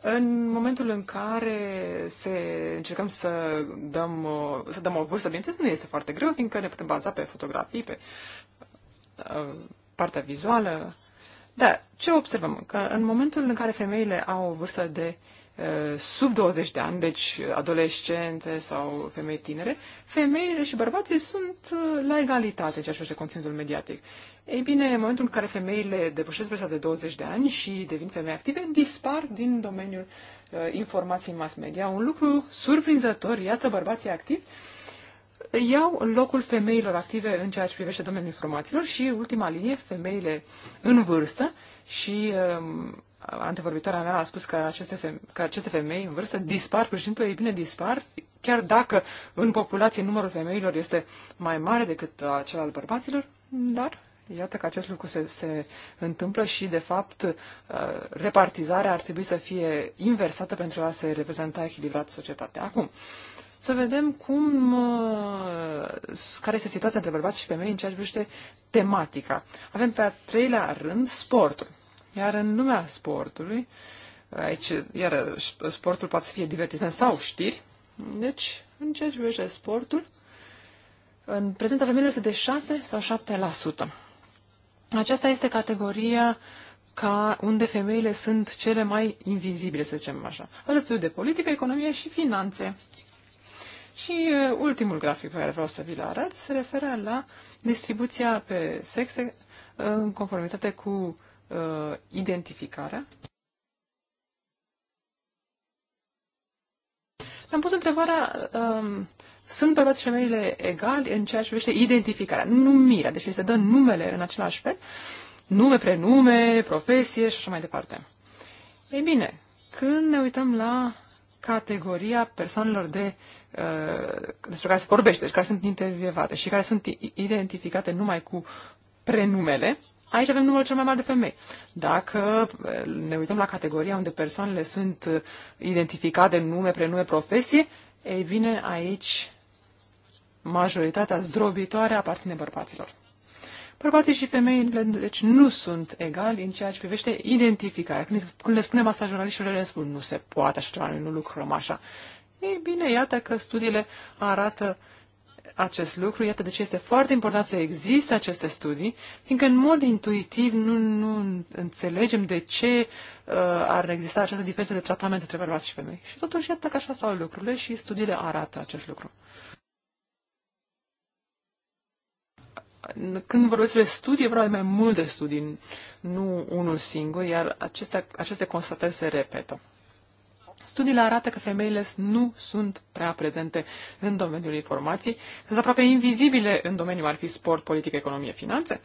În momentul în care se încercăm să dăm, uh, să dăm o vârstă, bineînțeles, nu este foarte greu, fiindcă ne putem baza pe fotografii, pe uh, partea vizuală. Dar ce observăm? Că în momentul în care femeile au o vârstă de Uh, sub 20 de ani, deci adolescente sau femei tinere, femeile și bărbații sunt uh, la egalitate în ceea ce face conținutul mediatic. Ei bine, în momentul în care femeile depășesc vârsta de 20 de ani și devin femei active, dispar din domeniul uh, informației mass media. Un lucru surprinzător, iată bărbații activi, iau locul femeilor active în ceea ce privește domeniul informațiilor și, ultima linie, femeile în vârstă și uh, antevorbitoarea mea a spus că aceste, feme- că aceste femei în vârstă dispar, pur și simplu, ei bine dispar, chiar dacă în populație numărul femeilor este mai mare decât cel al bărbaților, dar iată că acest lucru se, se întâmplă și, de fapt, uh, repartizarea ar trebui să fie inversată pentru a se reprezenta echilibrat societatea. Acum, să vedem cum, uh, care este situația între bărbați și femei în ceea ce privește tematica. Avem pe a treilea rând sportul. Iar în lumea sportului, aici, iar sportul poate să fie divertisment sau știri, deci, în ceea ce privește sportul, în prezența femeilor este de 6 sau 7%. Aceasta este categoria ca unde femeile sunt cele mai invizibile, să zicem așa, alături de politică, economie și finanțe. Și uh, ultimul grafic pe care vreau să vi-l arăt se referă la distribuția pe sexe uh, în conformitate cu uh, identificarea. am pus întrebarea, um, sunt bărbați și femeile egali în ceea ce privește identificarea, numirea, deci se dă numele în același fel, nume, prenume, profesie și așa mai departe. Ei bine, când ne uităm la categoria persoanelor de, uh, despre care se vorbește, deci care sunt intervievate și care sunt identificate numai cu prenumele, Aici avem numărul cel mai mare de femei. Dacă eh, ne uităm la categoria unde persoanele sunt eh, identificate în nume, prenume, profesie, ei bine, aici majoritatea zdrobitoare aparține bărbaților. Bărbații și femeile, deci, nu sunt egali în ceea ce privește identificarea. Când, când le spunem asta jurnaliștilor, le spun nu se poate așa ceva, noi nu lucrăm așa. Ei bine, iată că studiile arată uh, acest lucru. Iată de ce este foarte important să existe aceste studii, fiindcă în mod intuitiv nu, nu înțelegem de ce uh, ar exista această diferență de tratament între bărbați și femei. Și totuși, iată că așa stau lucrurile și studiile arată acest lucru. când vorbesc despre studii, e mai multe studii, nu unul singur, iar acestea, aceste constatări se repetă. Studiile arată că femeile nu sunt prea prezente în domeniul informației, sunt aproape invizibile în domeniul ar fi sport, politică, economie, finanțe,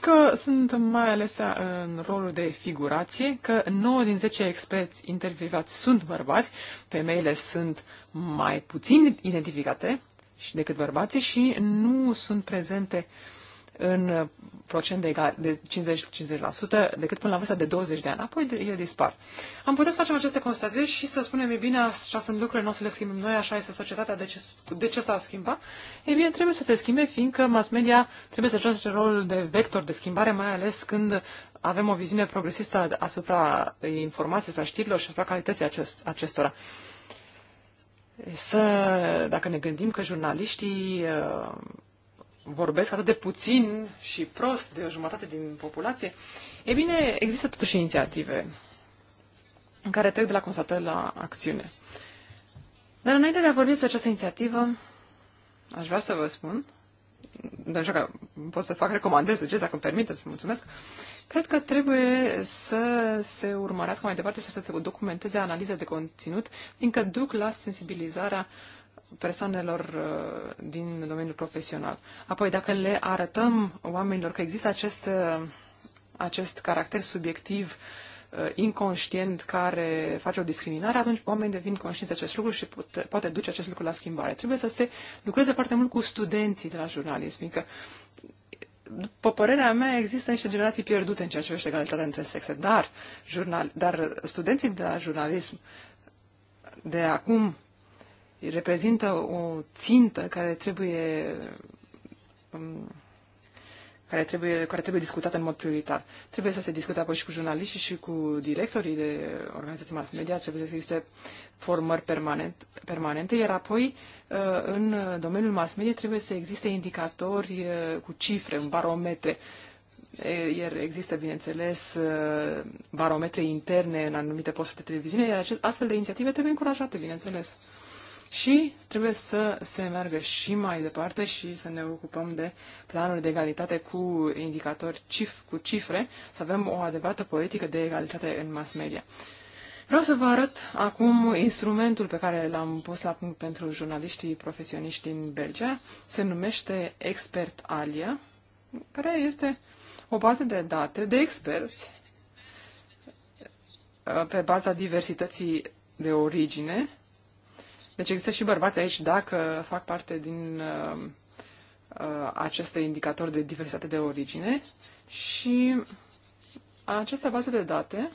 că sunt mai ales în rolul de figurație, că 9 din 10 experți intervievați sunt bărbați, femeile sunt mai puțin identificate decât bărbații și nu sunt prezente uh, în uh, procent de, de 50-50% decât până la vârsta de 20 de ani. Apoi ele dispar. Am putea să facem aceste constatări și să spunem, e bine, așa sunt lucrurile, nu o să le schimbăm noi, așa este societatea, de ce, de ce s-a schimbat? E bine, trebuie să se schimbe, fiindcă mass media trebuie să joace rolul de vector de schimbare, mai ales când avem o viziune progresistă asupra informației, asupra știrilor și asupra calității acest, acestora. Să, dacă ne gândim că jurnaliștii uh, vorbesc atât de puțin și prost de o jumătate din populație, e bine, există totuși inițiative în care trec de la constatări la acțiune. Dar înainte de a vorbi despre această inițiativă, aș vrea să vă spun, de așa că pot să fac recomandări, sugestii, dacă îmi permiteți, mulțumesc, cred că trebuie să se urmărească mai departe și să se documenteze analize de conținut, fiindcă duc la sensibilizarea uh, persoanelor uh, din domeniul profesional. Apoi, dacă le arătăm oamenilor că există acest, uh, acest caracter subiectiv uh, inconștient care face o discriminare, atunci oamenii devin conștienți de acest lucru și pute, poate duce acest lucru la schimbare. Trebuie să se lucreze foarte mult cu studenții de la jurnalism, fiindcă după părerea mea, există niște generații pierdute în ceea ce privește egalitatea între sexe, dar, jurnal, dar studenții de la jurnalism de acum reprezintă o țintă care trebuie um, care trebuie, care trebuie discutată în mod prioritar. Trebuie să se discute apoi și cu jurnaliștii și cu directorii de organizații mass media, trebuie să existe formări permanent, permanente, iar apoi uh, în domeniul mass media trebuie să existe indicatori uh, cu cifre, în barometre. Iar există, bineînțeles, uh, barometre interne în anumite posturi de televiziune, iar astfel de inițiative trebuie încurajate, bineînțeles. Și trebuie să se meargă și mai departe și să ne ocupăm de planuri de egalitate cu indicatori, cif, cu cifre, să avem o adevărată politică de egalitate în mass media. Vreau să vă arăt acum instrumentul pe care l-am pus la punct pentru jurnaliștii profesioniști din Belgia. Se numește Expert Alia, care este o bază de date de experți uh, pe baza diversității de origine deci există și bărbați aici dacă fac parte din uh, uh, aceste indicatori de diversitate de origine și această bază de date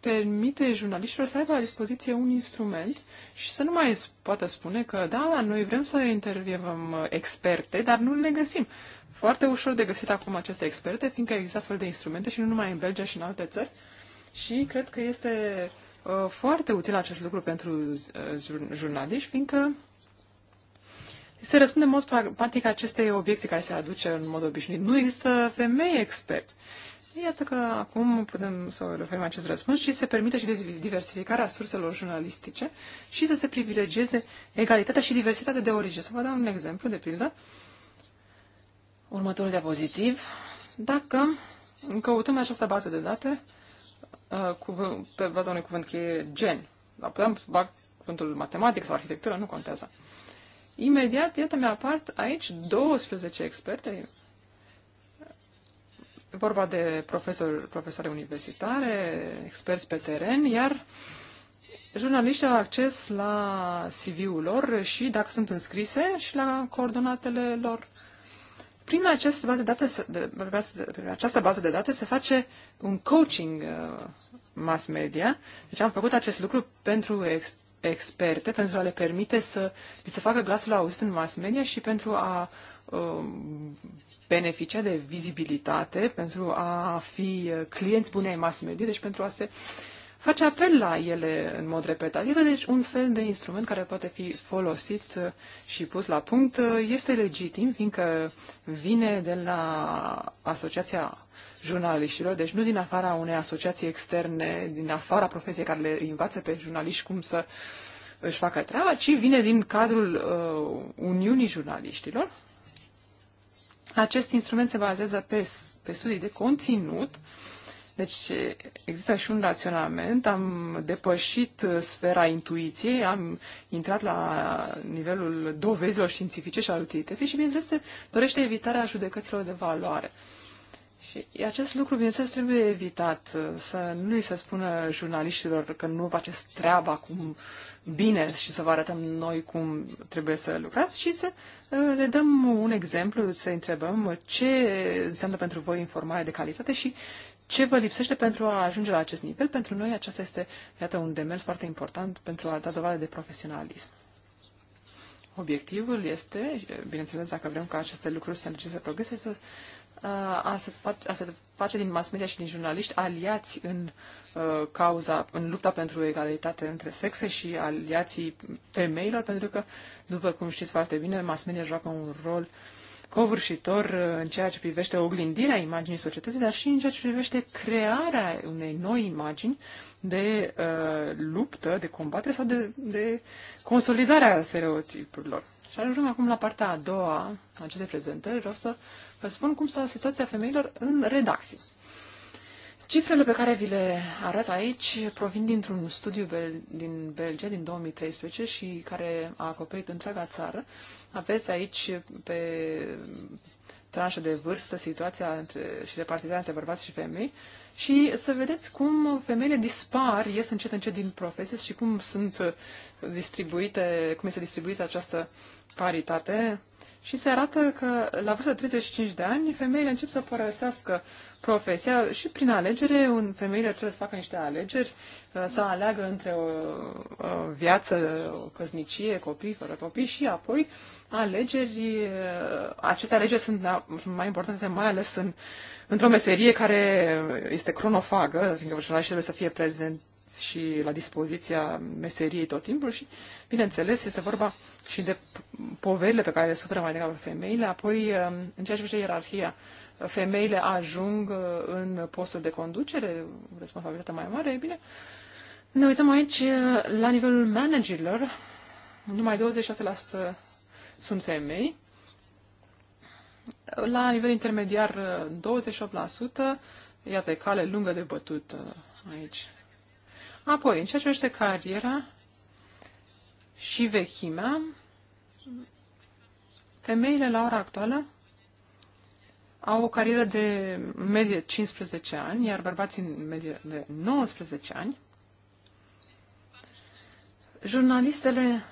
permite jurnaliștilor să aibă la dispoziție un instrument și să nu mai poată spune că, da, noi vrem să intervievăm uh, experte, dar nu le găsim. Foarte ușor de găsit acum aceste experte, fiindcă există astfel de instrumente și nu numai în Belgia și în alte țări. Și cred că este Uh, foarte util acest lucru pentru uh, jurnaliști, fiindcă se răspunde în mod pragmatic aceste obiecții care se aduce în mod obișnuit. Nu există femei expert. Iată că acum putem să oferim acest răspuns și se permite și diversificarea surselor jurnalistice și să se privilegieze egalitatea și diversitatea de origine. Să vă dau un exemplu, de pildă. Următorul diapozitiv. Dacă căutăm această bază de date, Uh, cuvânt, pe baza unui cuvânt cheie gen. Dar putem bag cuvântul matematic sau arhitectură, nu contează. Imediat, iată, mi apart aici 12 experte, vorba de profesori, profesoare universitare, experți pe teren, iar jurnaliștii au acces la CV-ul lor și, dacă sunt înscrise, și la coordonatele lor. Prin această bază de date, pe această bază de date se face un coaching uh, mass media. Deci am făcut acest lucru pentru ex- experte, pentru a le permite să li se facă glasul auzit în mass media și pentru a uh, beneficia de vizibilitate, pentru a fi uh, clienți bune ai mass media, deci pentru a se uh, face apel la ele în mod repetat. Este deci, un fel de instrument care poate fi folosit uh, și pus la punct uh, este legitim, fiindcă vine de la Asociația Jurnaliștilor, deci nu din afara unei asociații externe, din afara profesiei care le învață pe jurnaliști cum să își facă treaba, ci vine din cadrul uh, Uniunii Jurnaliștilor. Acest instrument se bazează pe, pe studii de conținut uh, deci există și un raționament, am depășit uh, sfera intuiției, am intrat la nivelul dovezilor științifice și al utilității și, bineînțeles, se dorește evitarea judecăților de valoare. Și acest lucru, bineînțeles, trebuie evitat, uh, să nu îi se spună jurnaliștilor că nu faceți treaba cum bine și să vă arătăm noi cum trebuie să lucrați, și să uh, le dăm un exemplu, să întrebăm ce înseamnă pentru voi informare de calitate și ce vă lipsește pentru a ajunge la acest nivel? Pentru noi acesta este, iată, un demers foarte important pentru a da dovadă de profesionalism. Obiectivul este, bineînțeles, dacă vrem ca aceste lucruri să înregistreze progrese, să, uh, a, se face, a se face din mass media și din jurnaliști aliați în uh, cauza, în lupta pentru egalitate între sexe și aliații femeilor, pentru că, după cum știți foarte bine, mass media joacă un rol uh, covârșitor uh, în ceea ce privește oglindirea imaginii societății, dar și în ceea ce privește crearea unei noi imagini de uh, luptă, de combatere sau de, de consolidarea stereotipurilor. Și ajungem acum la partea a doua a acestei prezentări. Vreau să vă spun cum s-a situația femeilor în redacții. Cifrele pe care vi le arăt aici provin dintr-un studiu bel- din Belgia din 2013 și care a acoperit întreaga țară. Aveți aici pe tranșă de vârstă situația între, și repartizarea între bărbați și femei și să vedeți cum femeile dispar, ies încet încet din profesie și cum sunt distribuite, cum este distribuită această paritate și se arată că la vârsta de 35 de ani femeile încep să părăsească profesia și prin alegere, un, femeile trebuie să facă niște alegeri, uh, să aleagă între o, o viață, o căsnicie, copii, fără copii și apoi alegeri, uh, aceste alegeri sunt, da, sunt mai importante, mai ales în, într-o meserie care este cronofagă, fiindcă jurnaliștii trebuie să fie prezent și la dispoziția meseriei tot timpul și, bineînțeles, este vorba și de poverile pe care le suferă mai degrabă femeile, apoi um, în ceea ce privește ierarhia femeile ajung uh, în postul de conducere, responsabilitatea mai mare, e bine, ne uităm aici uh, la nivelul managerilor, numai 26% sunt femei, la nivel intermediar 28%, uh, iată, cale lungă de bătut aici. Apoi, în ceea ce privește cariera și vechimea, femeile la ora actuală au o carieră de medie 15 ani, iar bărbații în medie de 19 ani. Jurnalistele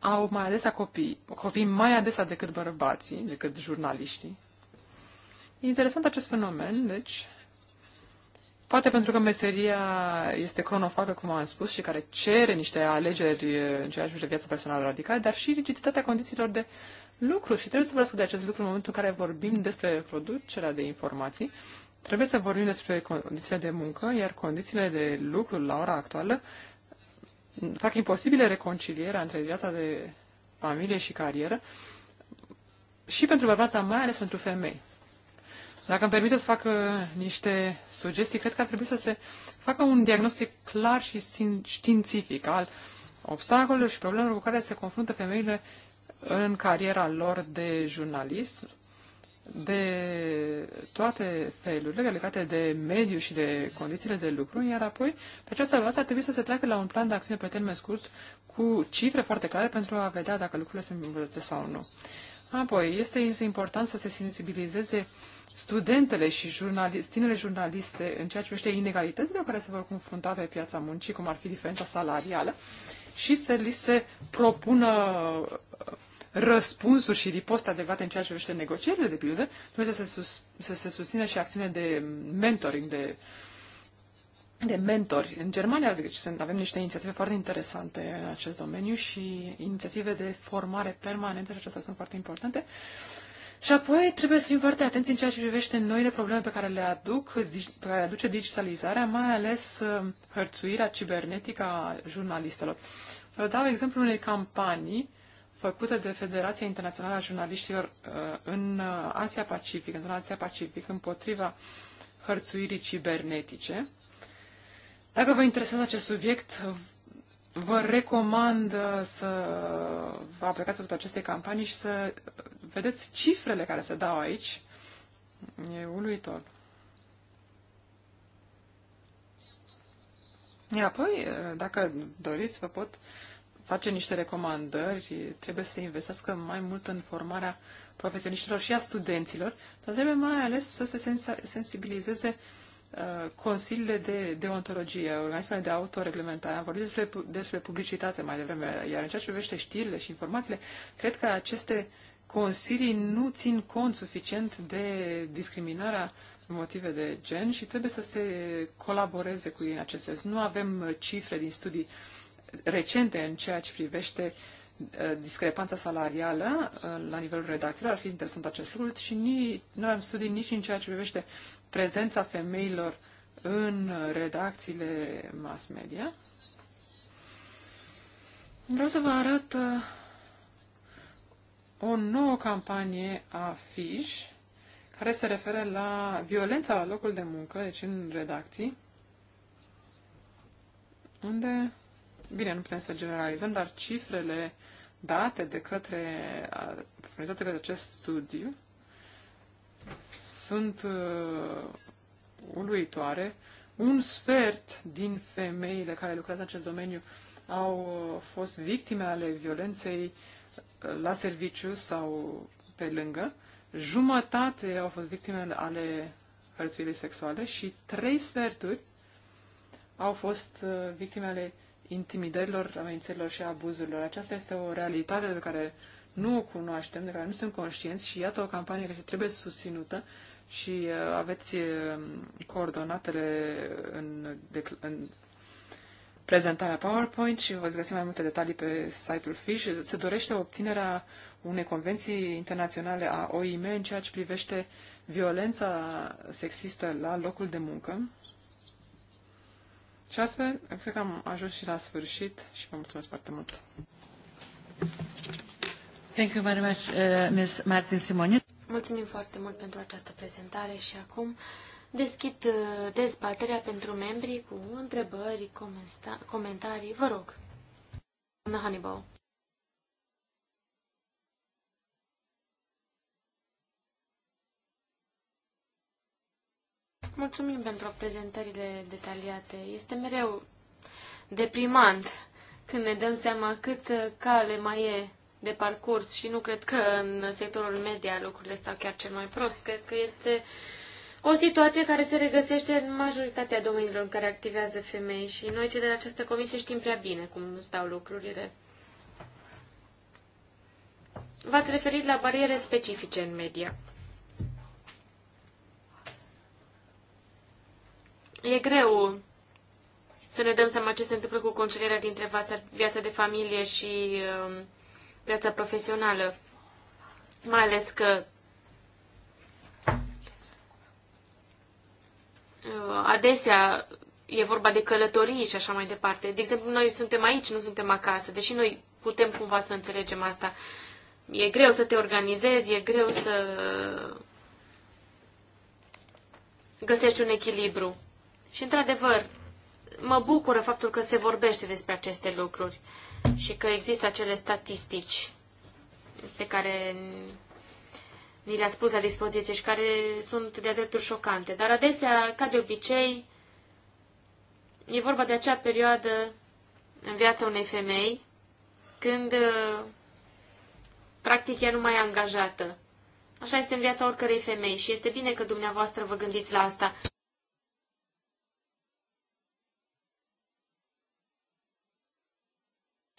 au mai adesea copii, copii mai adesea decât bărbații, decât jurnaliștii. E interesant acest fenomen, deci, poate pentru că meseria este cronofagă, cum am spus, și care cere niște alegeri în ceea ce privește viața personală radicală, dar și rigiditatea condițiilor de lucru și trebuie să vă de acest lucru în momentul în care vorbim despre producerea de informații. Trebuie să vorbim despre condițiile de muncă, iar condițiile de lucru la ora actuală fac imposibile reconcilierea între viața de familie și carieră și pentru bărbați, dar mai ales pentru femei. Dacă îmi permite să fac uh, niște sugestii, cred că ar trebui să se facă un diagnostic clar și științific al obstacolelor și problemelor cu care se confruntă femeile în cariera lor de jurnalist, de toate felurile legate de mediu și de condițiile de lucru, iar apoi pe această bază ar trebui să se treacă la un plan de acțiune pe termen scurt cu cifre foarte clare pentru a vedea dacă lucrurile se îmbunătățesc sau nu. Apoi, este important să se sensibilizeze studentele și jurnalist, tinele jurnaliste în ceea ce privește inegalitățile care se vor confrunta pe piața muncii, cum ar fi diferența salarială, și să li se propună răspunsuri și riposte adecvate în ceea ce privește negocierile, de pildă, trebuie să se, sus, să se susțină și acțiune de mentoring, de, de mentori. În Germania, deci, sunt, avem niște inițiative foarte interesante în acest domeniu și inițiative de formare permanentă și acestea sunt foarte importante. Și apoi trebuie să fim foarte atenți în ceea ce privește noile probleme pe care le aduc, pe care le aduce digitalizarea, mai ales uh, hărțuirea cibernetică a jurnalistelor. Vă dau exemplul unei campanii făcută de Federația Internațională a Jurnaliștilor uh, în uh, Asia Pacific, în zona Asia Pacific, împotriva hărțuirii cibernetice. Dacă vă interesează acest subiect, vă recomand uh, să vă aplicați asupra acestei campanii și să vedeți cifrele care se dau aici. E uluitor. Apoi, dacă doriți, vă pot face niște recomandări, trebuie să se investească mai mult în formarea profesioniștilor și a studenților, dar trebuie mai ales să se sensibilizeze uh, consiliile de deontologie, organismele de autoreglementare. Am vorbit despre, despre publicitate mai devreme, iar în ceea ce privește știrile și informațiile, cred că aceste consilii nu țin cont suficient de discriminarea motive de gen și trebuie să se colaboreze cu ei în acest sens. Nu avem uh, cifre din studii uh, recente în ceea ce privește uh, discrepanța salarială uh, la nivelul redacțiilor, ar fi interesant acest lucru și nici, am studii nici în ceea ce privește prezența femeilor în uh, redacțiile mass media. Vreau să vă arăt o nouă campanie afiș care se referă la violența la locul de muncă, deci în redacții, unde Bine, nu putem să generalizăm, dar cifrele date de către, furnizate către acest studiu sunt uh, uluitoare. Un sfert din femeile care lucrează în acest domeniu au uh, fost victime ale violenței uh, la serviciu sau pe lângă. Jumătate au fost victime ale hărțuirii sexuale și trei sferturi au fost uh, victime ale intimidărilor, amenințărilor și abuzurilor. Aceasta este o realitate pe care nu o cunoaștem, de care nu suntem conștienți și iată o campanie care trebuie susținută și uh, aveți uh, coordonatele în, în prezentarea PowerPoint și vă găsi mai multe detalii pe site-ul Fish. Se dorește obținerea unei convenții internaționale a OIM în ceea ce privește violența sexistă la locul de muncă și astfel, cred că am ajuns și la sfârșit și vă mulțumesc foarte mult. Thank you very much, uh, Ms. Martin Simoniu. Mulțumim foarte mult pentru această prezentare și acum deschid uh, dezbaterea pentru membrii cu întrebări, comentarii. Vă rog. Doamna Hannibal. Mulțumim pentru prezentările detaliate. Este mereu deprimant când ne dăm seama cât cale mai e de parcurs și nu cred că în sectorul media lucrurile stau chiar cel mai prost. Cred că este o situație care se regăsește în majoritatea domeniilor în care activează femei și noi cei de la această comisie știm prea bine cum stau lucrurile. V-ați referit la bariere specifice în media. E greu să ne dăm seama ce se întâmplă cu concilierea dintre viața, viața de familie și uh, viața profesională. Mai ales că uh, adesea e vorba de călătorii și așa mai departe. De exemplu, noi suntem aici, nu suntem acasă, deși noi putem cumva să înțelegem asta. E greu să te organizezi, e greu să găsești un echilibru. Și, într-adevăr, mă bucură faptul că se vorbește despre aceste lucruri și că există acele statistici pe care ni le-ați pus la dispoziție și care sunt de-a dreptul șocante. Dar adesea, ca de obicei, e vorba de acea perioadă în viața unei femei când uh, practic ea nu mai e angajată. Așa este în viața oricărei femei și este bine că dumneavoastră vă gândiți la asta.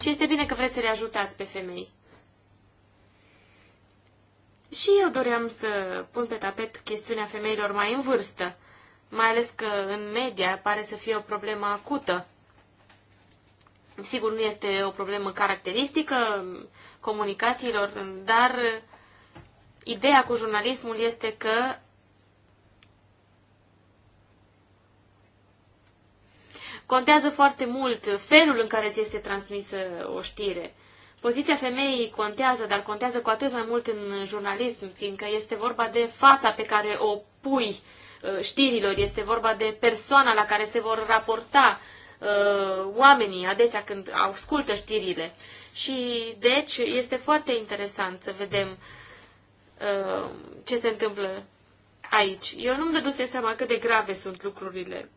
Și este bine că vreți să le ajutați pe femei. Și eu doream să pun pe tapet chestiunea femeilor mai în vârstă, mai ales că în media pare să fie o problemă acută. Sigur, nu este o problemă caracteristică comunicațiilor, dar ideea cu jurnalismul este că Contează foarte mult felul în care ți este transmisă o știre. Poziția femeii contează, dar contează cu atât mai mult în jurnalism, fiindcă este vorba de fața pe care o pui uh, știrilor, este vorba de persoana la care se vor raporta uh, oamenii adesea când ascultă știrile. Și deci este foarte interesant să vedem uh, ce se întâmplă aici. Eu nu-mi dăduse seama cât de grave sunt lucrurile.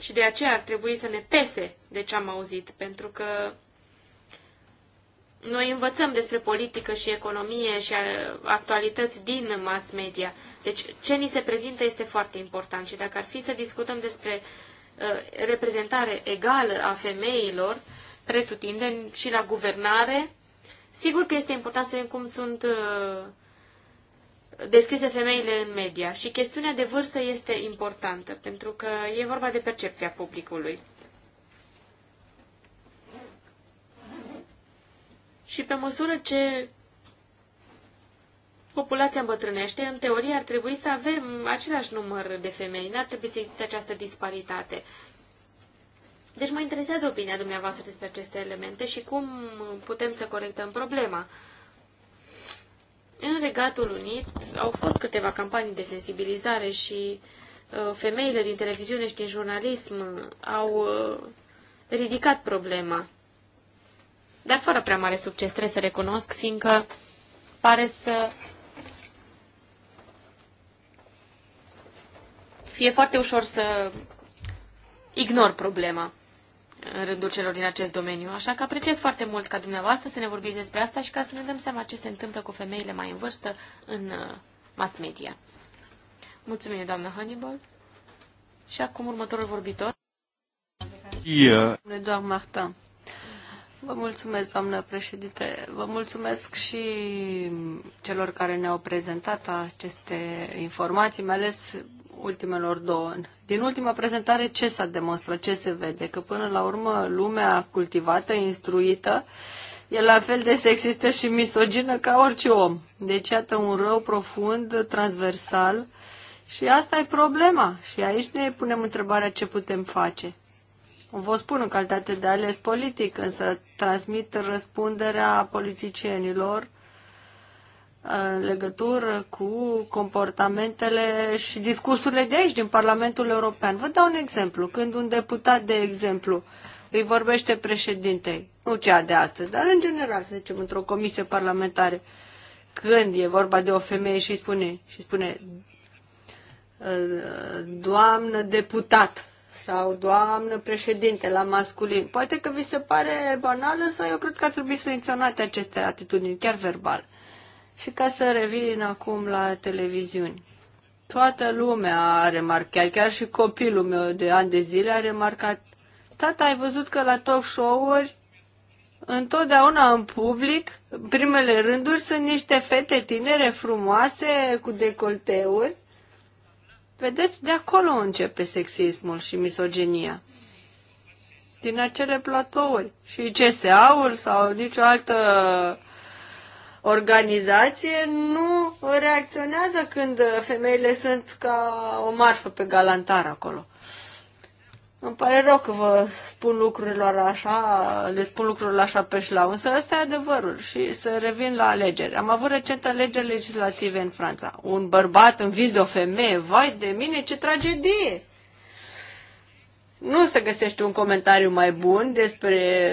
Și de aceea ar trebui să ne pese de ce am auzit, pentru că noi învățăm despre politică și economie și actualități din mass media. Deci ce ni se prezintă este foarte important și dacă ar fi să discutăm despre ă, reprezentare egală a femeilor, pretutindeni și la guvernare, sigur că este important să vedem cum sunt uh, descrise femeile în media. Și chestiunea de vârstă este importantă, pentru că e vorba de percepția publicului. Și pe măsură ce populația îmbătrânește, în teorie ar trebui să avem același număr de femei. N-ar trebui să existe această disparitate. Deci mă interesează opinia dumneavoastră despre aceste elemente și cum putem să corectăm problema. În Regatul Unit au fost câteva campanii de sensibilizare și uh, femeile din televiziune și din jurnalism au uh, ridicat problema. Dar fără prea mare succes, trebuie să recunosc, fiindcă pare să fie foarte ușor să ignor problema în rândul celor din acest domeniu. Așa că apreciez foarte mult ca dumneavoastră să ne vorbiți despre asta și ca să ne dăm seama ce se întâmplă cu femeile mai în vârstă în uh, mass media. Mulțumim, doamnă Hannibal. Și acum următorul vorbitor. Yeah. Doamna Martin. Vă mulțumesc, doamnă președinte. Vă mulțumesc și celor care ne-au prezentat aceste informații, mai ales ultimelor două ani. Din ultima prezentare, ce s-a demonstrat, ce se vede? Că până la urmă lumea cultivată, instruită, e la fel de sexistă și misogină ca orice om. Deci, iată, un rău profund, transversal și asta e problema. Și aici ne punem întrebarea ce putem face. Vă spun în calitate de ales politic, însă transmit răspunderea politicienilor în uh, legătură cu comportamentele și discursurile de aici, din Parlamentul European. Vă dau un exemplu. Când un deputat, de exemplu, îi vorbește președintei, nu cea de astăzi, dar în general, să zicem, într-o comisie parlamentară, când e vorba de o femeie și spune, și spune uh, doamnă deputat sau doamnă președinte la masculin. Poate că vi se pare banală sau eu cred că ar trebui să sancționate aceste atitudini, chiar verbal. Și ca să revin acum la televiziuni. Toată lumea a remarcat, chiar și copilul meu de ani de zile a remarcat, tata, ai văzut că la talk show-uri întotdeauna în public, în primele rânduri, sunt niște fete tinere, frumoase, cu decolteuri. Vedeți, de acolo începe sexismul și misogenia. Din acele platouri. Și CSA-ul sau nicio altă uh, organizație nu reacționează când femeile sunt ca o marfă pe galantar acolo. Îmi pare rău că vă spun lucrurile așa, le spun lucrurile așa pe șlau, însă ăsta e adevărul și să revin la alegeri. Am avut recent alegeri legislative în Franța. Un bărbat învins de o femeie, vai de mine, ce tragedie! Nu se găsește un comentariu mai bun despre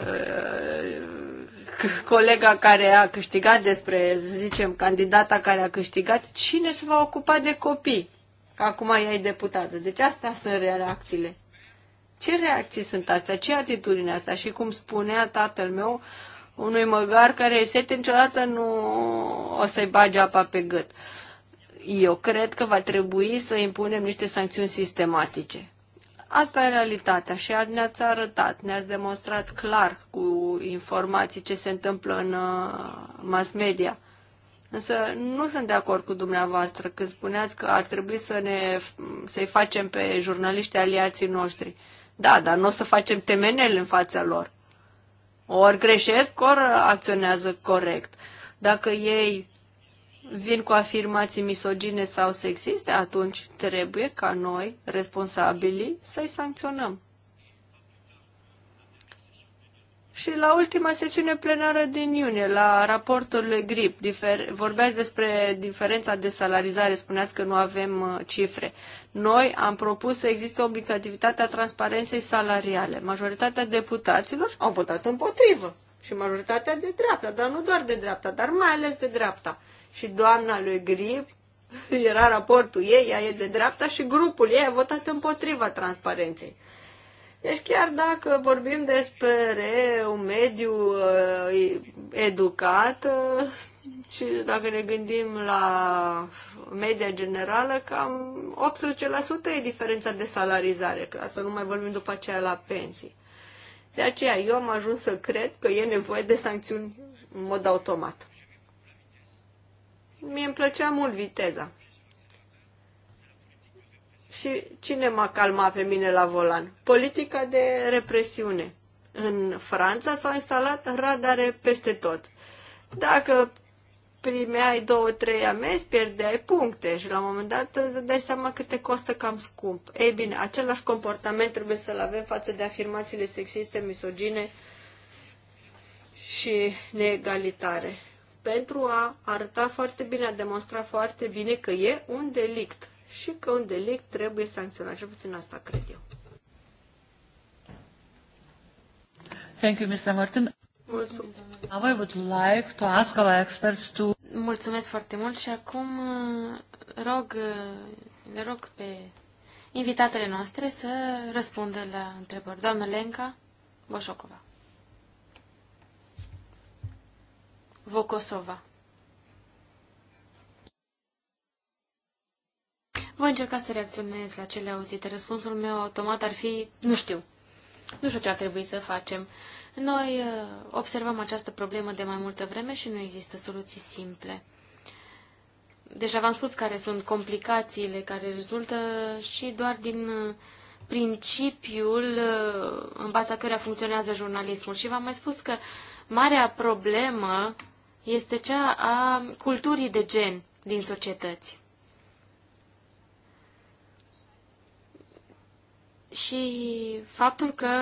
uh, uh, colega care a câștigat despre, să zicem, candidata care a câștigat, cine se va ocupa de copii? Că acum ea e deputată. Deci astea sunt reacțiile. Ce reacții sunt astea? Ce atitudine asta? Și cum spunea tatăl meu, unui măgar care e sete niciodată nu o să-i bage apa pe gât. Eu cred că va trebui să impunem niște sancțiuni sistematice. Asta e realitatea și ne-ați arătat, ne-ați demonstrat clar cu informații ce se întâmplă în uh, mass media. Însă nu sunt de acord cu dumneavoastră când spuneați că ar trebui să ne, să-i facem pe jurnaliști aliații noștri. Da, dar nu o să facem temenel în fața lor. Ori greșesc, ori acționează corect. Dacă ei vin cu afirmații misogine sau sexiste, atunci trebuie ca noi, responsabilii, să-i sancționăm. Și la ultima sesiune plenară din iunie, la raportul GRIP, difer- vorbeați despre diferența de salarizare, spuneați că nu avem uh, cifre. Noi am propus să existe obligativitatea transparenței salariale. Majoritatea deputaților au votat împotrivă și majoritatea de dreapta, dar nu doar de dreapta, dar mai ales de dreapta și doamna lui Grip, [laughs] era raportul ei, ea e de dreapta și grupul ei a votat împotriva transparenței. Deci chiar dacă vorbim despre un mediu uh, educat uh, și dacă ne gândim la media generală, cam 18% e diferența de salarizare, ca să nu mai vorbim după aceea la pensii. De aceea eu am ajuns să cred că e nevoie de sancțiuni în mod automat. Mie îmi plăcea mult viteza. Și cine m-a calmat pe mine la volan? Politica de represiune. În Franța s-au instalat radare peste tot. Dacă primeai două, trei amezi, pierdeai puncte și la un moment dat îți dai seama cât te costă cam scump. Ei bine, același comportament trebuie să-l avem față de afirmațiile sexiste, misogine și neegalitare pentru a arăta foarte bine, a demonstra foarte bine că e un delict și că un delict trebuie sancționat. Cel puțin asta cred eu. Thank you, Mr. Martin. Mulțumesc. I would like to ask our experts to... Mulțumesc foarte mult și acum uh, rog, uh, le rog pe invitatele noastre să răspundă la întrebări. Doamna Lenca Boșocova. Vocosova. Voi încerca să reacționez la cele auzite. Răspunsul meu automat ar fi, nu știu. Nu știu ce ar trebui să facem. Noi uh, observăm această problemă de mai multă vreme și nu există soluții simple. Deja v-am spus care sunt complicațiile care rezultă și doar din uh, principiul uh, în baza căruia funcționează jurnalismul. Și v-am mai spus că marea problemă este cea a culturii de gen din societăți. și faptul că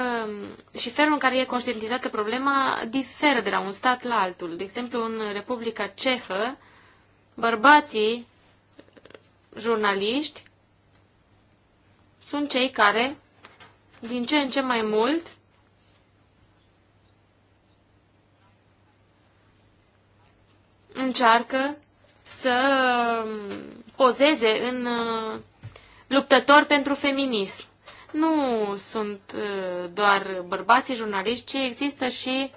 și felul în care e conștientizată problema diferă de la un stat la altul. De exemplu, în Republica Cehă, bărbații jurnaliști sunt cei care din ce în ce mai mult încearcă să pozeze în uh, luptător pentru feminism. Nu sunt uh, doar bărbații jurnaliști, ci există și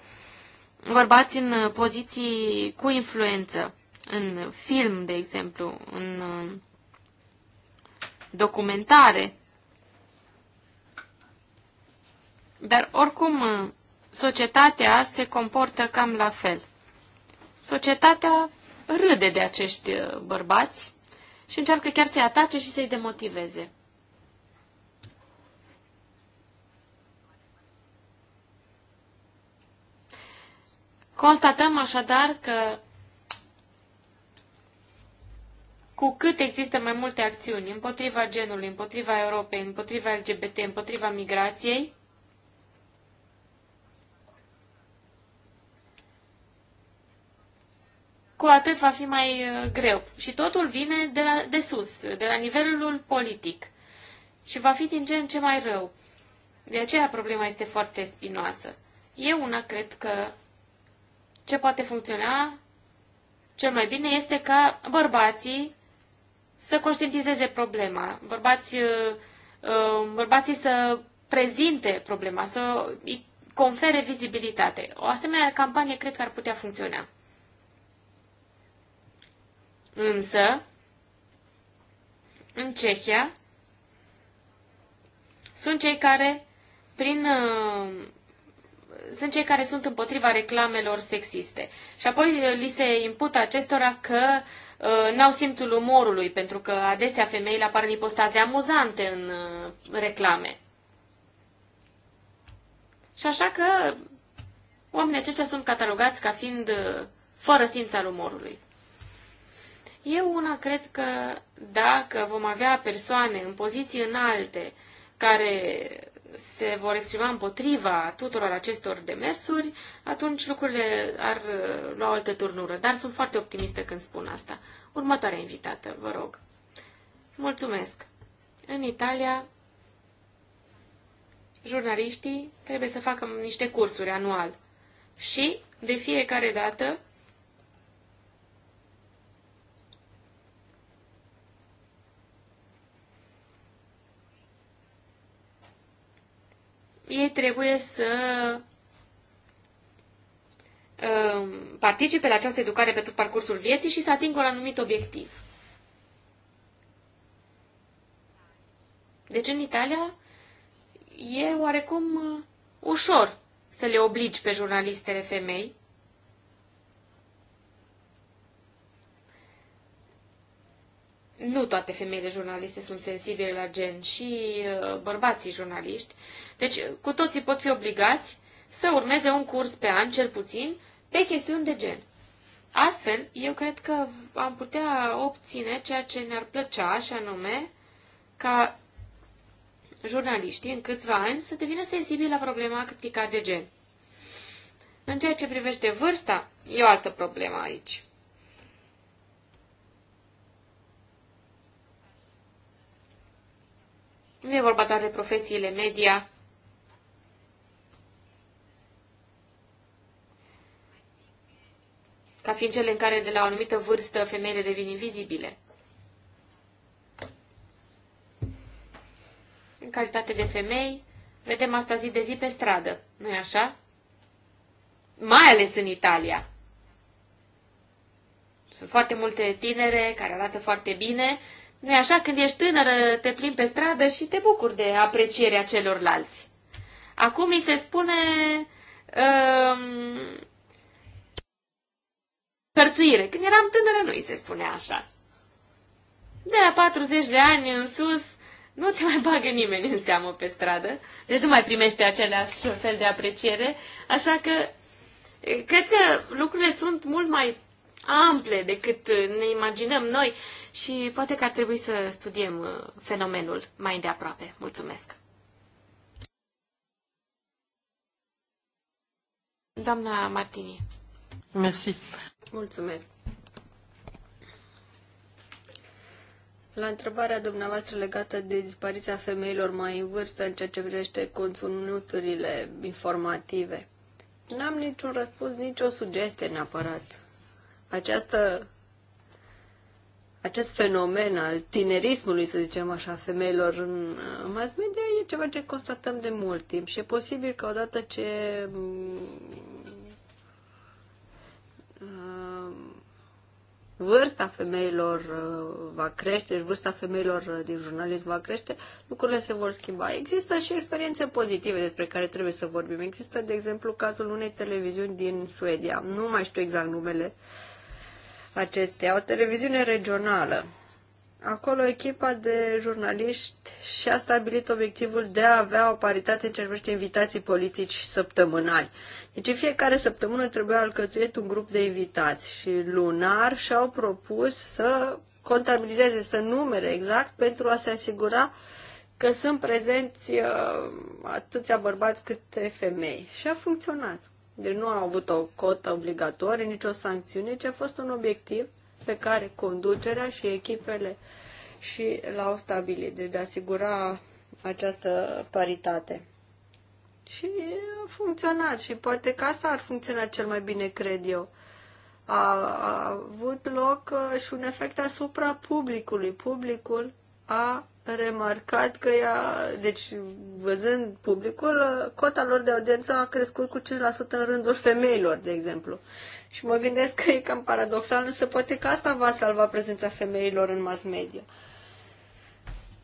bărbați în uh, poziții cu influență, în film, de exemplu, în documentare. Dar oricum, societatea se comportă cam la fel. Societatea râde de acești uh, bărbați și încearcă chiar să-i atace și să-i demotiveze. Constatăm așadar că cu cât există mai multe acțiuni împotriva genului, împotriva Europei, împotriva LGBT, împotriva migrației, cu atât va fi mai uh, greu. Și totul vine de, la, de sus, de la nivelul politic. Și va fi din ce în ce mai rău. De aceea problema este foarte spinoasă. Eu una cred că ce poate funcționa cel mai bine este ca bărbații să conștientizeze problema, Bărbații, uh, uh, bărbații să prezinte problema, să îi confere vizibilitate. O asemenea campanie cred că ar putea funcționa. Însă, în Cehia, sunt cei care, prin, uh, sunt cei care sunt împotriva reclamelor sexiste. Și apoi uh, li se impută acestora că uh, n-au simțul umorului, pentru că adesea femeile apar în ipostaze amuzante în uh, reclame. Și așa că oamenii aceștia sunt catalogați ca fiind uh, fără simț al umorului. Eu una cred că dacă vom avea persoane în poziții înalte care se vor exprima împotriva tuturor acestor demersuri, atunci lucrurile ar uh, lua o altă turnură. Dar sunt foarte optimistă când spun asta. Următoarea invitată, vă rog. Mulțumesc. În Italia, jurnaliștii trebuie să facă niște cursuri anual. Și, de fiecare dată, ei trebuie să um, participe la această educare pe tot parcursul vieții și să atingă un anumit obiectiv. Deci în Italia e oarecum uh, ușor să le obligi pe jurnalistele femei nu toate femeile jurnaliste sunt sensibile la gen și uh, bărbații jurnaliști. Deci cu toții pot fi obligați să urmeze un curs pe an, cel puțin, pe chestiuni de gen. Astfel, eu cred că am putea obține ceea ce ne-ar plăcea, și anume ca jurnaliștii în câțiva ani să devină sensibili la problema criticată de gen. În ceea ce privește vârsta, e o altă problemă aici. Nu e vorba doar de profesiile media. ca fiind cele în care de la o anumită vârstă femeile devin invizibile. În calitate de femei, vedem asta zi de zi pe stradă, nu-i așa? Mai ales în Italia. Sunt foarte multe tinere care arată foarte bine, nu așa? Când ești tânără, te plimbi pe stradă și te bucuri de aprecierea celorlalți. Acum mi se spune um, hărțuire. Când eram tânără, nu îi se spune așa. De la 40 de ani în sus, nu te mai bagă nimeni în seamă pe stradă, deci nu mai primește aceleași fel de apreciere, așa că cred că lucrurile sunt mult mai ample decât uh, ne imaginăm noi și poate că ar trebui să studiem uh, fenomenul mai de aproape. Mulțumesc! Doamna Martini. Merci. Mulțumesc. La întrebarea dumneavoastră legată de dispariția femeilor mai în vârstă în ceea ce privește conținuturile informative, n-am niciun răspuns, nicio sugestie neapărat. Această, acest fenomen al tinerismului, să zicem așa, femeilor în mass media e ceva ce constatăm de mult timp și e posibil că odată ce uh, vârsta femeilor uh, va crește și vârsta femeilor uh, din jurnalism va crește, lucrurile se vor schimba. Există și experiențe pozitive despre care trebuie să vorbim. Există, de exemplu, cazul unei televiziuni din Suedia, nu mai știu exact numele, acesteia, o televiziune regională. Acolo echipa de jurnaliști și-a stabilit obiectivul de a avea o paritate în ce privește invitații politici săptămânali. Deci în fiecare săptămână trebuia alcătuit un grup de invitați și lunar și-au propus să contabilizeze, să numere exact pentru a se asigura că sunt prezenți uh, atâția bărbați cât femei. Și a funcționat. Deci nu au avut o cotă obligatorie, nicio sancțiune, ci a fost un obiectiv pe care conducerea și echipele și l-au stabilit, deci de a asigura această paritate. Și a funcționat și poate că asta ar funcționa cel mai bine, cred eu. A, a avut loc uh, și un efect asupra publicului. Publicul a remarcat că ea, deci văzând publicul, cota lor de audiență a crescut cu 5% în rândul femeilor, de exemplu. Și mă gândesc că e cam paradoxal, însă poate că asta va salva prezența femeilor în mass media.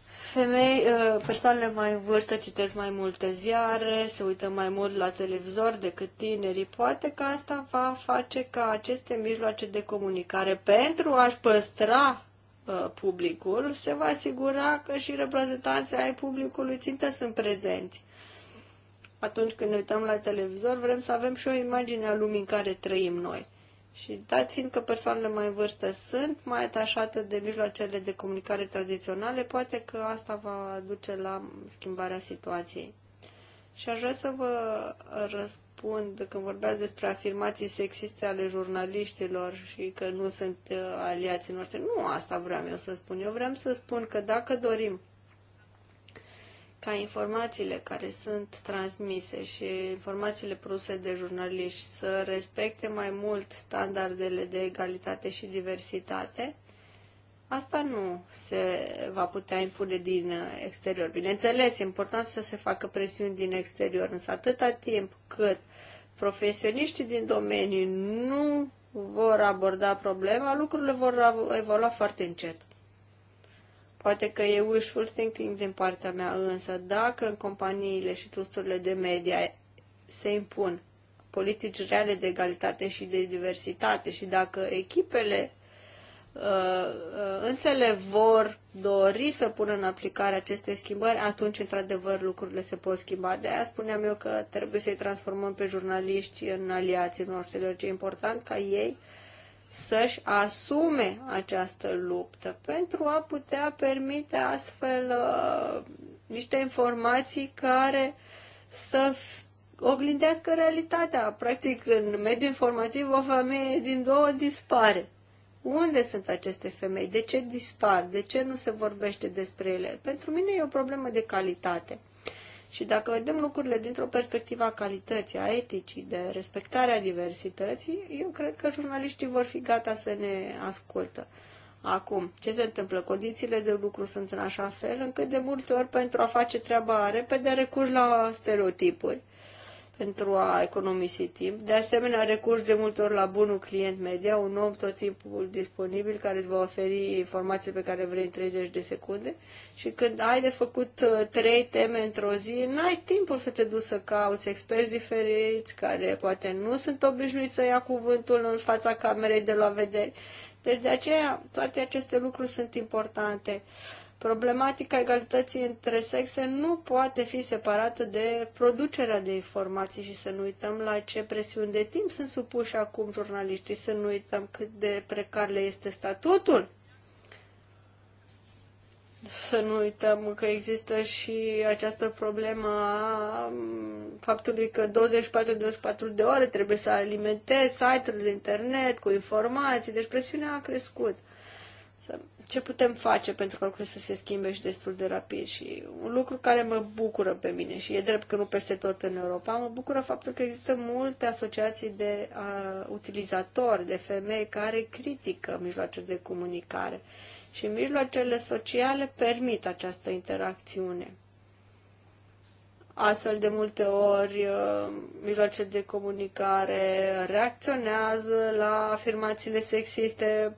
Femei, ă, persoanele mai în vârstă citesc mai multe ziare, se uită mai mult la televizor decât tinerii. Poate că asta va face ca aceste mijloace de comunicare pentru a-și păstra Uh, publicul, se va asigura că și reprezentanții ai publicului țintă sunt prezenți. Atunci când ne uităm la televizor, vrem să avem și o imagine a lumii în care trăim noi. Și dat fiind că persoanele mai în vârstă sunt mai atașate de mijloacele de comunicare tradiționale, poate că asta va duce la schimbarea situației. Și aș vrea să vă răspund când vorbeați despre afirmații sexiste ale jurnaliștilor și că nu sunt uh, aliații noștri. Nu asta vreau eu să spun. Eu vreau să spun că dacă dorim ca informațiile care sunt transmise și informațiile produse de jurnaliști să respecte mai mult standardele de egalitate și diversitate, Asta nu se va putea impune din exterior. Bineînțeles, e important să se facă presiuni din exterior, însă atâta timp cât profesioniștii din domenii nu vor aborda problema, lucrurile vor evolua foarte încet. Poate că e wishful thinking din partea mea, însă dacă în companiile și trusturile de media se impun politici reale de egalitate și de diversitate și dacă echipele Uh, uh, însă le vor dori să pună în aplicare aceste schimbări, atunci, într-adevăr, lucrurile se pot schimba. De aia spuneam eu că trebuie să-i transformăm pe jurnaliști în aliații noștri, deoarece e important ca ei să-și asume această luptă pentru a putea permite astfel uh, niște informații care să oglindească realitatea. Practic, în mediul informativ, o femeie din două dispare. Unde sunt aceste femei? De ce dispar? De ce nu se vorbește despre ele? Pentru mine e o problemă de calitate. Și dacă vedem lucrurile dintr-o perspectivă a calității, a eticii, de respectarea diversității, eu cred că jurnaliștii vor fi gata să ne ascultă. Acum, ce se întâmplă? Condițiile de lucru sunt în așa fel încât de multe ori pentru a face treaba repede recurgi la stereotipuri pentru a economisi timp. De asemenea, recurs de multe ori la bunul client media, un om tot timpul disponibil care îți va oferi informații pe care vrei în 30 de secunde și când ai de făcut uh, trei teme într-o zi, n-ai timpul să te duci să cauți experți diferiți care poate nu sunt obișnuiți să ia cuvântul în fața camerei de la vedere. Deci de aceea toate aceste lucruri sunt importante. Uh, Problematica egalității între sexe nu poate fi separată de producerea de informații și să nu uităm la ce presiuni de timp sunt supuși acum jurnaliștii, să nu uităm cât de precar le este statutul. Să nu uităm că există și această problemă a mm, faptului că 24-24 de ore trebuie să alimentezi site-urile de internet cu informații, deci presiunea a crescut ce putem face pentru că lucrurile să se schimbe și destul de rapid. Și un lucru care mă bucură pe mine, și e drept că nu peste tot în Europa, mă bucură faptul că există multe asociații de a, utilizatori, de femei care critică mijloacele de comunicare. Și mijloacele sociale permit această interacțiune. Astfel de multe ori uh, mijloace de comunicare reacționează la afirmațiile sexiste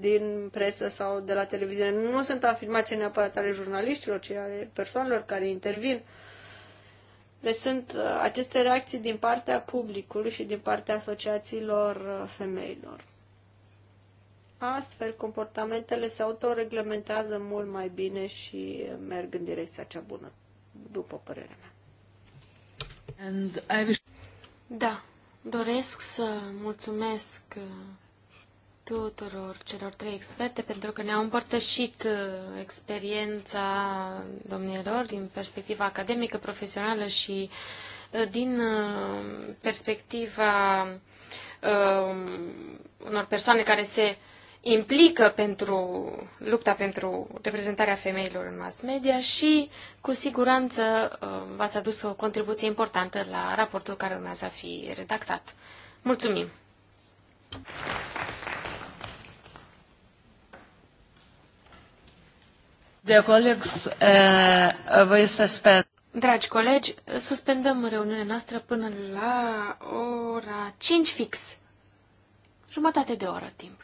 din presă sau de la televiziune. Nu sunt afirmații neapărat ale jurnaliștilor, ci ale persoanelor care intervin. Deci sunt uh, aceste reacții din partea publicului și din partea asociațiilor uh, femeilor. Astfel, comportamentele se autoreglementează mult mai bine și merg în direcția cea bună după părerea mea. And I... Da, doresc să mulțumesc uh, tuturor celor trei experte pentru că ne-au împărtășit uh, experiența domnilor din perspectiva academică, profesională și uh, din perspectiva unor persoane care se implică pentru lupta pentru reprezentarea femeilor în mass media și, cu siguranță, uh, v-ați adus o contribuție importantă la raportul care urmează a fi redactat. Mulțumim! Uh, Dragi colegi, suspendăm reuniunea noastră până la ora 5 fix. Jumătate de oră timp.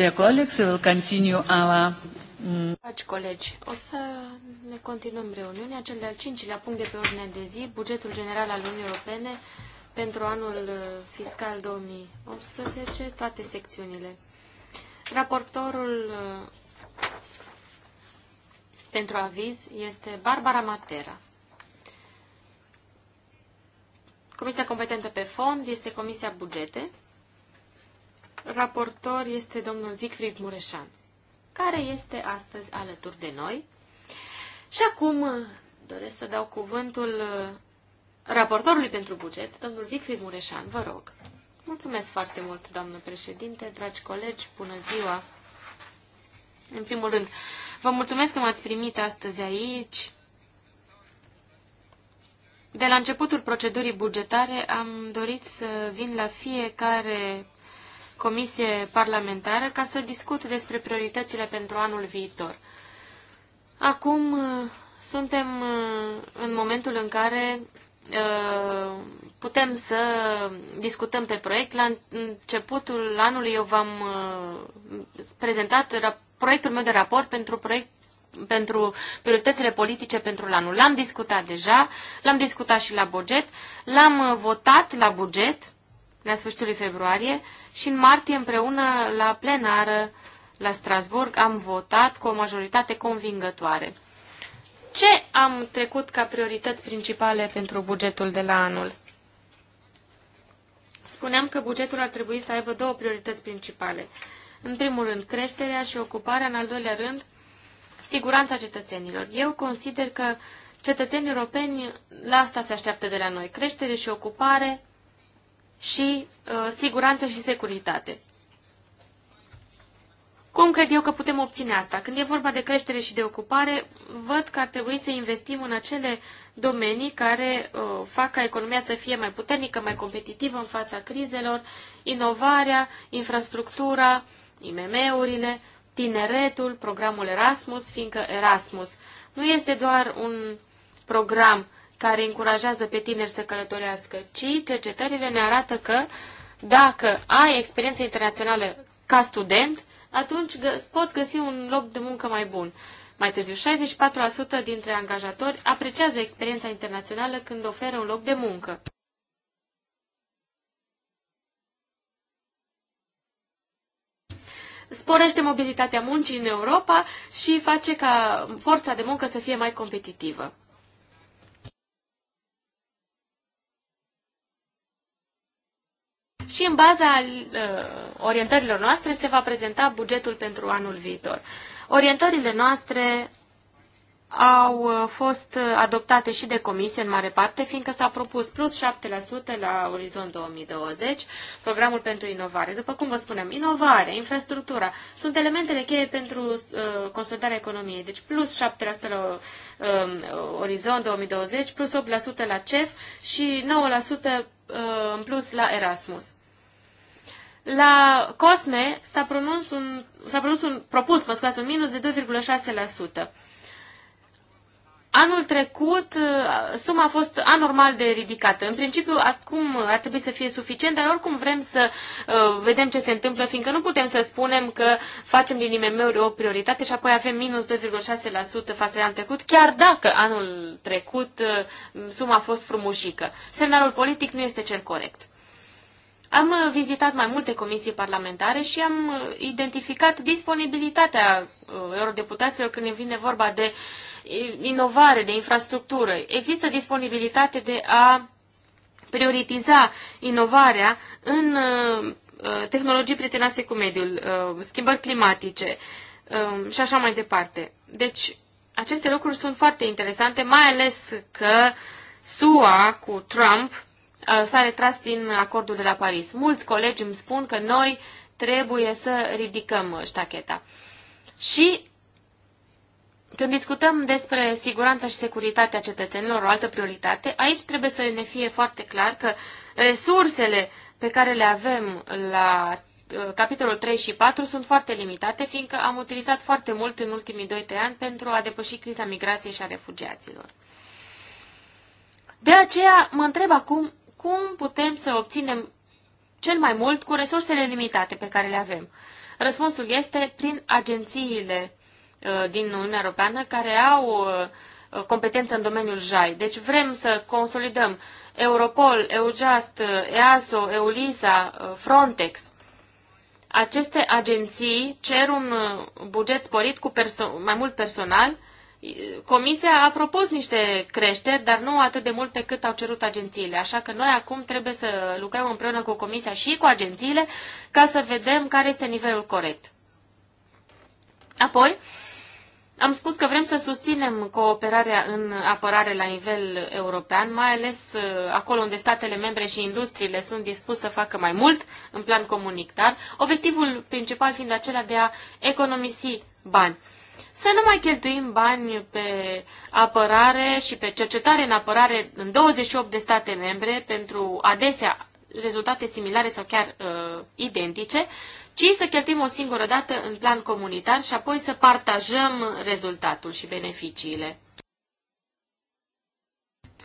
Dear colleagues, we will continue our... Dragi colegi, o să ne continuăm reuniunea. Cel de-al cincilea punct de pe ordinea de zi, bugetul general al Uniunii Europene pentru anul uh, fiscal 2018, toate secțiunile. Raportorul uh, pentru aviz este Barbara Matera. Comisia competentă pe fond este Comisia Bugete Raportor este domnul Zicfried Mureșan, care este astăzi alături de noi. Și acum uh, doresc să dau cuvântul uh, raportorului pentru buget, domnul Zicfried Mureșan, vă rog. Mulțumesc foarte mult, doamnă președinte, dragi colegi, bună ziua! În primul rând, vă mulțumesc că m-ați primit astăzi aici. De la începutul procedurii bugetare am dorit să vin la fiecare comisie parlamentară ca să discut despre prioritățile pentru anul viitor. Acum uh, suntem uh, în momentul în care uh, putem să discutăm pe proiect. La începutul anului eu v-am prezentat proiectul meu de raport pentru proiect pentru prioritățile politice pentru anul. L-am discutat deja, l-am discutat și la buget, l-am votat la buget la sfârșitul lui februarie și în martie împreună la plenară la Strasburg am votat cu o majoritate convingătoare. Ce am trecut ca priorități principale pentru bugetul de la anul? Spuneam că bugetul ar trebui să aibă două priorități principale. În primul rând, creșterea și ocuparea, în al doilea rând, siguranța cetățenilor. Eu consider că cetățenii europeni la asta se așteaptă de la noi. Creștere și ocupare, și uh, siguranță și securitate. Cum cred eu că putem obține asta? Când e vorba de creștere și de ocupare, văd că ar trebui să investim în acele domenii care uh, fac ca economia să fie mai puternică, mai competitivă în fața crizelor, inovarea, infrastructura, IMM-urile, tineretul, programul Erasmus, fiindcă Erasmus nu este doar un program uh, care încurajează pe tineri să călătorească, ci cercetările ne arată că dacă ai experiență internațională ca student, atunci gă poți găsi un loc de muncă mai bun. Mai târziu, 64% dintre angajatori apreciază experiența internațională când oferă un loc de muncă. sporește mobilitatea muncii în Europa și face ca forța de muncă să fie mai competitivă. și în baza uh, orientărilor noastre se va prezenta bugetul pentru anul viitor. Orientările noastre au uh, fost uh, adoptate și de comisie în mare parte, fiindcă s-a propus plus 7% la orizont 2020, programul pentru inovare. După cum vă spunem, inovare, infrastructura, sunt elementele cheie pentru uh, consolidarea economiei. Deci plus 7% la uh, orizont 2020, plus 8% la CEF și 9% uh, în plus la Erasmus. La Cosme s-a, pronunț un, s-a produs un, propus, mă scuzați, un minus de 2,6%. Anul trecut uh, suma a fost anormal de ridicată. În principiu, acum ar trebui să fie suficient, dar oricum vrem să uh, vedem ce se întâmplă, fiindcă nu putem să spunem că facem din IMM-uri o prioritate și apoi avem minus 2,6% față de anul trecut, chiar dacă anul trecut uh, suma a fost frumușică. Semnalul politic nu este cel corect. Am vizitat mai multe comisii parlamentare și am identificat disponibilitatea uh, eurodeputaților când vine vorba de uh, inovare, de infrastructură. Există disponibilitate de a prioritiza inovarea în uh, tehnologii prietenase cu mediul, schimbări climatice um, și așa mai departe. Deci, aceste lucruri sunt foarte interesante, mai ales că SUA cu Trump Uh, s-a retras din acordul de la Paris. Mulți colegi îmi spun că noi trebuie să ridicăm ștacheta. Și când discutăm despre siguranța și securitatea cetățenilor, o altă prioritate, aici trebuie să ne fie foarte clar că resursele pe care le avem la uh, capitolul 3 și 4 sunt foarte limitate, fiindcă am utilizat foarte mult în ultimii 2-3 ani pentru a depăși criza migrației și a refugiaților. De aceea mă întreb acum cum putem să obținem cel mai mult cu resursele limitate pe care le avem? Răspunsul este prin agențiile uh, din Uniunea Europeană care au uh, uh, competență în domeniul JAI. Deci vrem să consolidăm Europol, Eujust, EASO, EULISA, Frontex. Aceste agenții cer un buget sporit cu mai mult personal Comisia a propus niște creșteri, dar nu atât de mult pe cât au cerut agențiile. Așa că noi acum trebuie să lucrăm împreună cu Comisia și cu agențiile ca să vedem care este nivelul corect. Apoi, am spus că vrem să susținem cooperarea în apărare la nivel european, mai ales uh, acolo unde statele membre și industriile sunt dispuse să facă mai mult în plan comunitar, obiectivul principal fiind acela de a economisi bani să nu mai cheltuim bani pe apărare și pe cercetare în apărare în 28 de state membre pentru adesea rezultate similare sau chiar uh, identice, ci să cheltuim o singură dată în plan comunitar și apoi să partajăm rezultatul și beneficiile.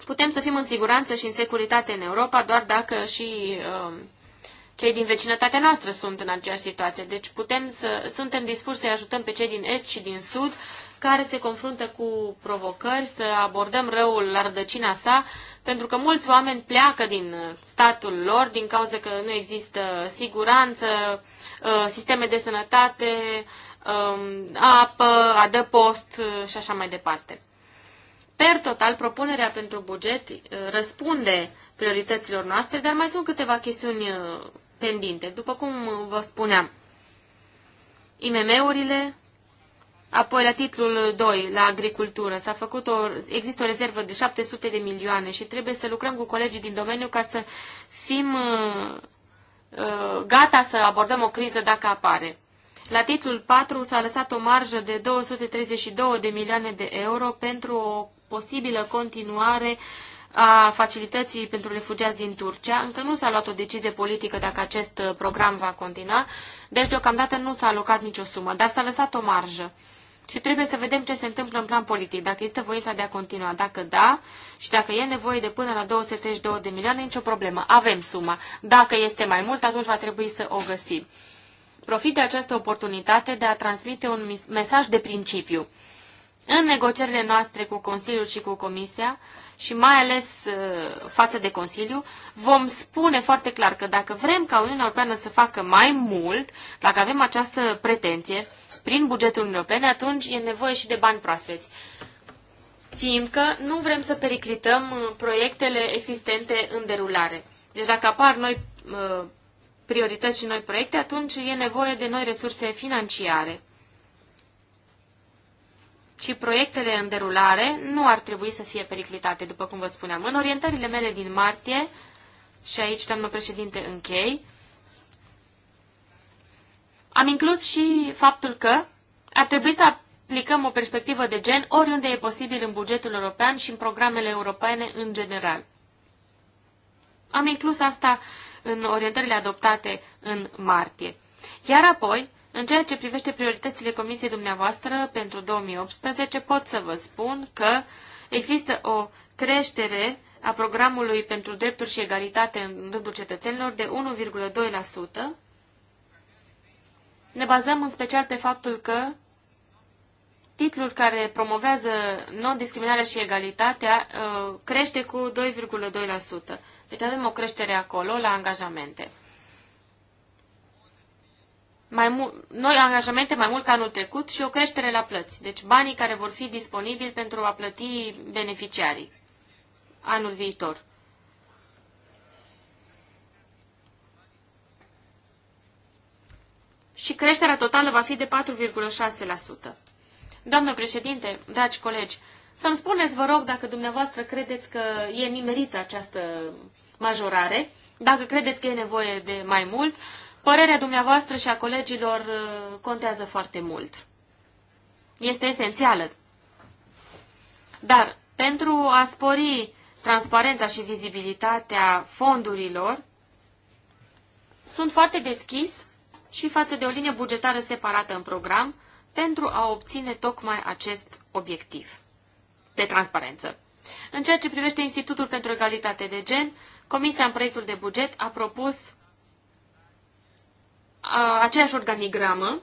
Putem să fim în siguranță și în securitate în Europa doar dacă și uh, cei din vecinătatea noastră sunt în aceeași situație. Deci putem să, suntem dispuși să-i ajutăm pe cei din Est și din Sud care se confruntă cu provocări, să abordăm răul la rădăcina sa, pentru că mulți oameni pleacă din statul lor din cauza că nu există siguranță, uh, sisteme de sănătate, um, apă, adăpost uh, și așa mai departe. Per total, propunerea pentru buget uh, răspunde priorităților noastre, dar mai sunt câteva chestiuni pendinte. După cum vă spuneam, IMM-urile, apoi la titlul 2, la agricultură, s-a făcut o, există o rezervă de 700 de milioane și trebuie să lucrăm cu colegii din domeniu ca să fim uh, uh gata să abordăm o criză dacă apare. La titlul 4 s-a lăsat o marjă de 232 de milioane de euro pentru o posibilă continuare uh, a facilității pentru refugiați din Turcia. Încă nu s-a luat o decizie politică dacă acest uh, program va continua, deci deocamdată nu s-a alocat nicio sumă, dar s-a lăsat o marjă. Și trebuie să vedem ce se întâmplă în plan politic, dacă este voința de a continua. Dacă da, și dacă e nevoie de până la 232 de milioane, nicio problemă. Avem suma. Dacă este mai mult, atunci va trebui să o găsim. Profit de această oportunitate de a transmite un mesaj de principiu. În negocierile noastre cu Consiliul și cu Comisia, și mai ales uh, față de Consiliu, vom spune foarte clar că dacă vrem ca Uniunea Europeană să facă mai mult, dacă avem această pretenție prin bugetul Uniunii Europene, atunci e nevoie și de bani proaspeți fiindcă nu vrem să periclităm uh, proiectele existente în derulare. Deci dacă apar noi uh, priorități și noi proiecte, atunci e nevoie de noi resurse financiare și proiectele în derulare nu ar trebui să fie periclitate, după cum vă spuneam. În orientările mele din martie, și aici, doamnă președinte, închei, am inclus și faptul că ar trebui să aplicăm o perspectivă de gen oriunde e posibil în bugetul european și în programele europene în general. Am inclus asta în orientările adoptate în martie. Iar apoi, în ceea ce privește prioritățile Comisiei dumneavoastră pentru 2018, pot să vă spun că există o creștere a programului pentru drepturi și egalitate în rândul cetățenilor de 1,2%. Ne bazăm în special pe faptul că titlul care promovează non-discriminarea și egalitatea uh, crește cu 2,2%. Deci avem o creștere acolo la angajamente mai mult, noi angajamente mai mult ca anul trecut și o creștere la plăți. Deci banii care vor fi disponibili pentru a plăti beneficiarii anul viitor. Și creșterea totală va fi de 4,6%. Doamnă președinte, dragi colegi, să-mi spuneți, vă rog, dacă dumneavoastră credeți că e nimerită această majorare, dacă credeți că e nevoie de mai mult, Părerea dumneavoastră și a colegilor uh, contează foarte mult. Este esențială. Dar pentru a spori transparența și vizibilitatea fondurilor, sunt foarte deschis și față de o linie bugetară separată în program pentru a obține tocmai acest obiectiv de transparență. În ceea ce privește Institutul pentru Egalitate de Gen, Comisia în proiectul de buget a propus aceeași organigramă,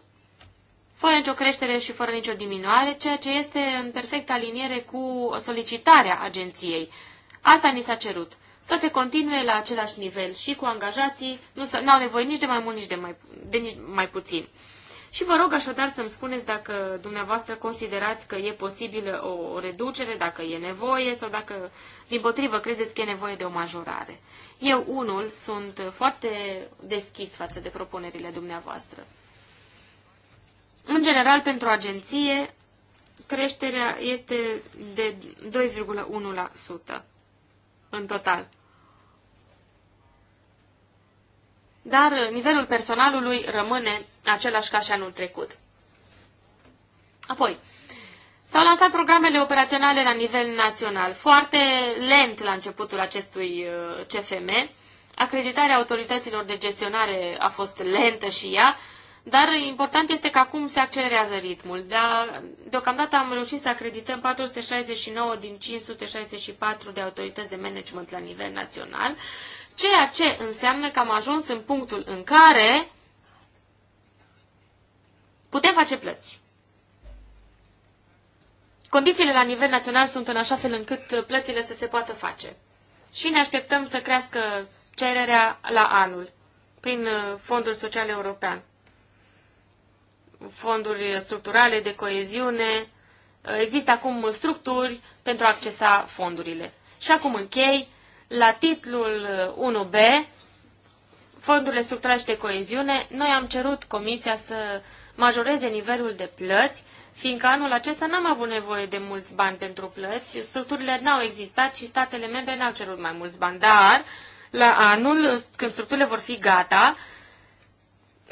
fără nicio creștere și fără nicio diminuare, ceea ce este în perfectă aliniere cu solicitarea agenției. Asta ni s-a cerut. Să se continue la același nivel și cu angajații, nu au nevoie nici de mai mult, nici de mai, de nici mai puțin. Și vă rog așadar să-mi spuneți dacă dumneavoastră considerați că e posibilă o reducere, dacă e nevoie sau dacă, din potrivă, credeți că e nevoie de o majorare. Eu, unul, sunt foarte deschis față de propunerile dumneavoastră. În general, pentru agenție, creșterea este de 2,1% în total. dar uh, nivelul personalului rămâne același ca și anul trecut. Apoi, s-au lansat programele operaționale la nivel național, foarte lent la începutul acestui uh, CFM. Acreditarea autorităților de gestionare a fost lentă și ea, dar important este că acum se accelerează ritmul. Deocamdată am reușit să acredităm 469 din 564 de autorități de management la nivel național Ceea ce înseamnă că am ajuns în punctul în care putem face plăți. Condițiile la nivel național sunt în așa fel încât plățile să se poată face. Și ne așteptăm să crească cererea la anul prin uh, Fondul Social European. Fonduri structurale de coeziune, uh, există acum structuri pentru a accesa fondurile. Și acum închei la titlul 1B, uh, fondurile structurale și de coeziune, noi am cerut Comisia să majoreze nivelul de plăți, fiindcă anul acesta n-am avut nevoie de mulți bani pentru plăți, structurile n-au existat și statele membre n-au cerut mai mulți bani, dar la anul, când structurile vor fi gata,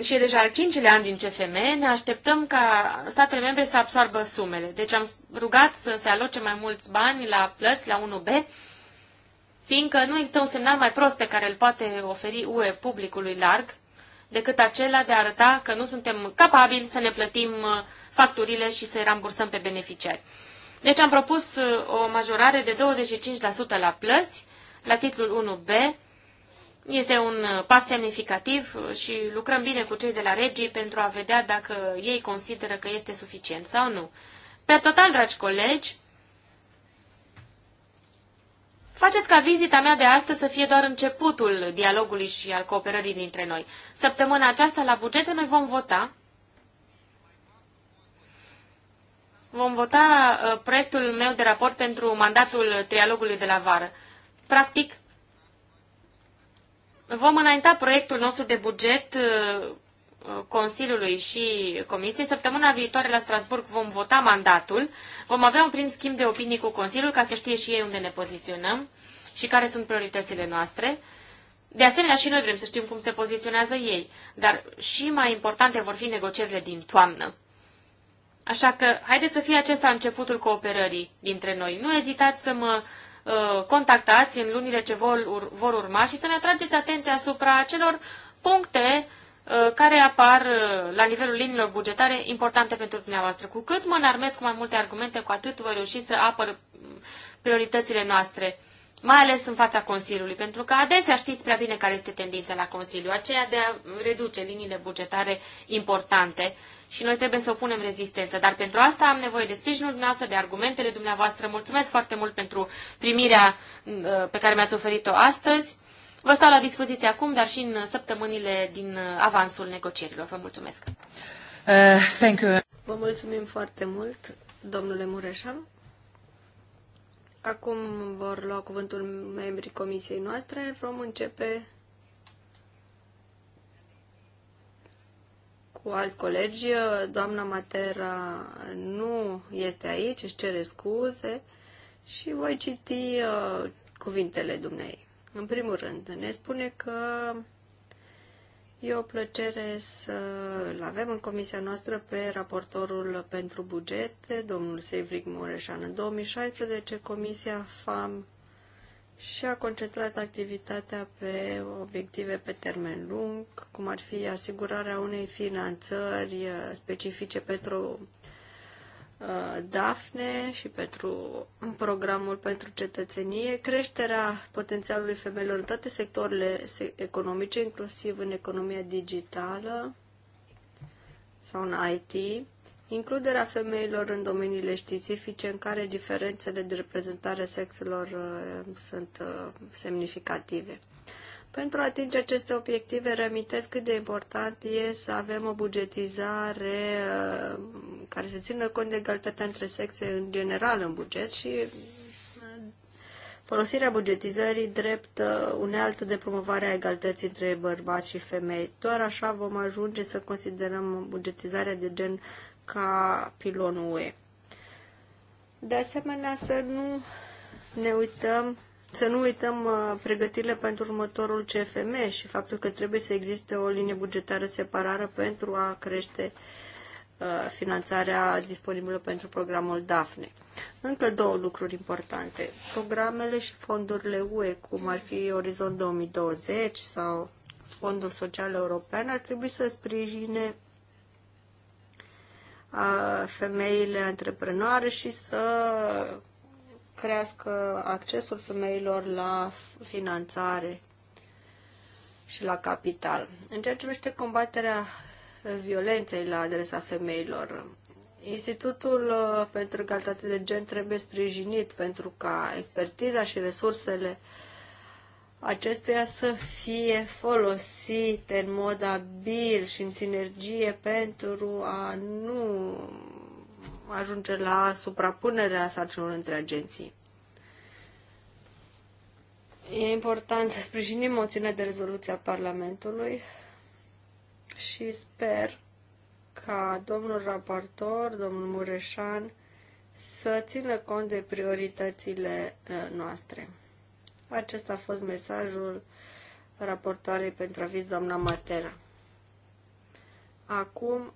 și e deja al cincilea an din CFM, ne așteptăm ca statele membre să absorbă sumele. Deci am rugat să se aloce mai mulți bani la plăți, la 1B, fiindcă nu există un semnal mai prost pe care îl poate oferi UE publicului larg decât acela de a arăta că nu suntem capabili să ne plătim uh, facturile și să-i rambursăm pe beneficiari. Deci am propus uh, o majorare de 25% la plăți, la titlul 1B. Este un uh, pas semnificativ și lucrăm bine cu cei de la Regii pentru a vedea dacă ei consideră că este suficient sau nu. Pe total, dragi colegi, Faceți ca vizita mea de astăzi să fie doar începutul dialogului și al cooperării dintre noi. Săptămâna aceasta, la bugete, noi vom vota. Vom vota uh, proiectul meu de raport pentru mandatul trialogului de la vară. Practic, vom înainta proiectul nostru de buget uh, Consiliului și Comisiei. Săptămâna viitoare la Strasburg vom vota mandatul. Vom avea un prim schimb de opinii cu Consiliul ca să știe și ei unde ne poziționăm și care sunt prioritățile noastre. De asemenea, și noi vrem să știm cum se poziționează ei, dar și mai importante vor fi negocierile din toamnă. Așa că, haideți să fie acesta începutul cooperării dintre noi. Nu ezitați să mă uh, contactați în lunile ce vor, ur, vor urma și să ne atrageți atenția asupra celor puncte uh, Uh, care apar uh, la nivelul liniilor bugetare importante pentru dumneavoastră. Cu cât mă înarmez cu mai multe argumente, cu atât voi reuși să apăr mm, prioritățile noastre, mai ales în fața Consiliului, pentru că adesea știți prea bine care este tendința la Consiliu, aceea de a reduce liniile bugetare importante și noi trebuie să opunem rezistență. Dar pentru asta am nevoie de sprijinul dumneavoastră, de argumentele dumneavoastră. Mulțumesc foarte mult pentru primirea mm, uh, pe care mi-ați oferit-o astăzi. Vă stau la dispoziție acum, dar și în săptămânile din uh, avansul negocierilor. Vă mulțumesc! Uh, thank you. Vă mulțumim foarte mult, domnule Mureșan. Acum vor lua cuvântul membrii comisiei noastre. Vom începe cu alți colegi. Doamna Matera nu este aici, își cere scuze și voi citi uh, cuvintele dumnei. În primul rând, ne spune că e o plăcere să-l avem în comisia noastră pe raportorul pentru bugete, domnul Sevric Mureșan. În 2016, Comisia FAM și a concentrat activitatea pe obiective pe termen lung, cum ar fi asigurarea unei finanțări specifice pentru Uh, DAFNE și pentru programul pentru cetățenie, creșterea potențialului femeilor în toate sectoarele economice, inclusiv în economia digitală sau în IT, includerea femeilor în domeniile științifice în care diferențele de reprezentare sexelor uh, sunt uh, semnificative. Pentru a atinge aceste obiective, reamintesc cât de important e să avem o bugetizare uh, care să țină cont de egalitatea între sexe în general în buget și uh, folosirea bugetizării drept uh, unealtă de promovare a egalității între bărbați și femei. Doar așa vom ajunge să considerăm bugetizarea de gen ca pilonul UE. De asemenea, să nu ne uităm să nu uităm uh, pregătirile pentru următorul CFM și faptul că trebuie să existe o linie bugetară separară pentru a crește uh, finanțarea disponibilă pentru programul DAFNE. Încă două lucruri importante. Programele și fondurile UE, cum ar fi Orizont 2020 sau Fondul Social European, ar trebui să sprijine uh, femeile antreprenoare și să crească accesul femeilor la finanțare și la capital. În ceea ce privește combaterea violenței la adresa femeilor, Institutul uh, pentru Egalitate de Gen trebuie sprijinit pentru ca expertiza și resursele acesteia să fie folosite în mod abil și în sinergie pentru a nu ajunge la suprapunerea sarcinilor între agenții. E important să sprijinim moțiunea de rezoluție a Parlamentului și sper ca domnul raportor, domnul Mureșan, să țină cont de prioritățile noastre. Acesta a fost mesajul raportoarei pentru aviz doamna Matera. Acum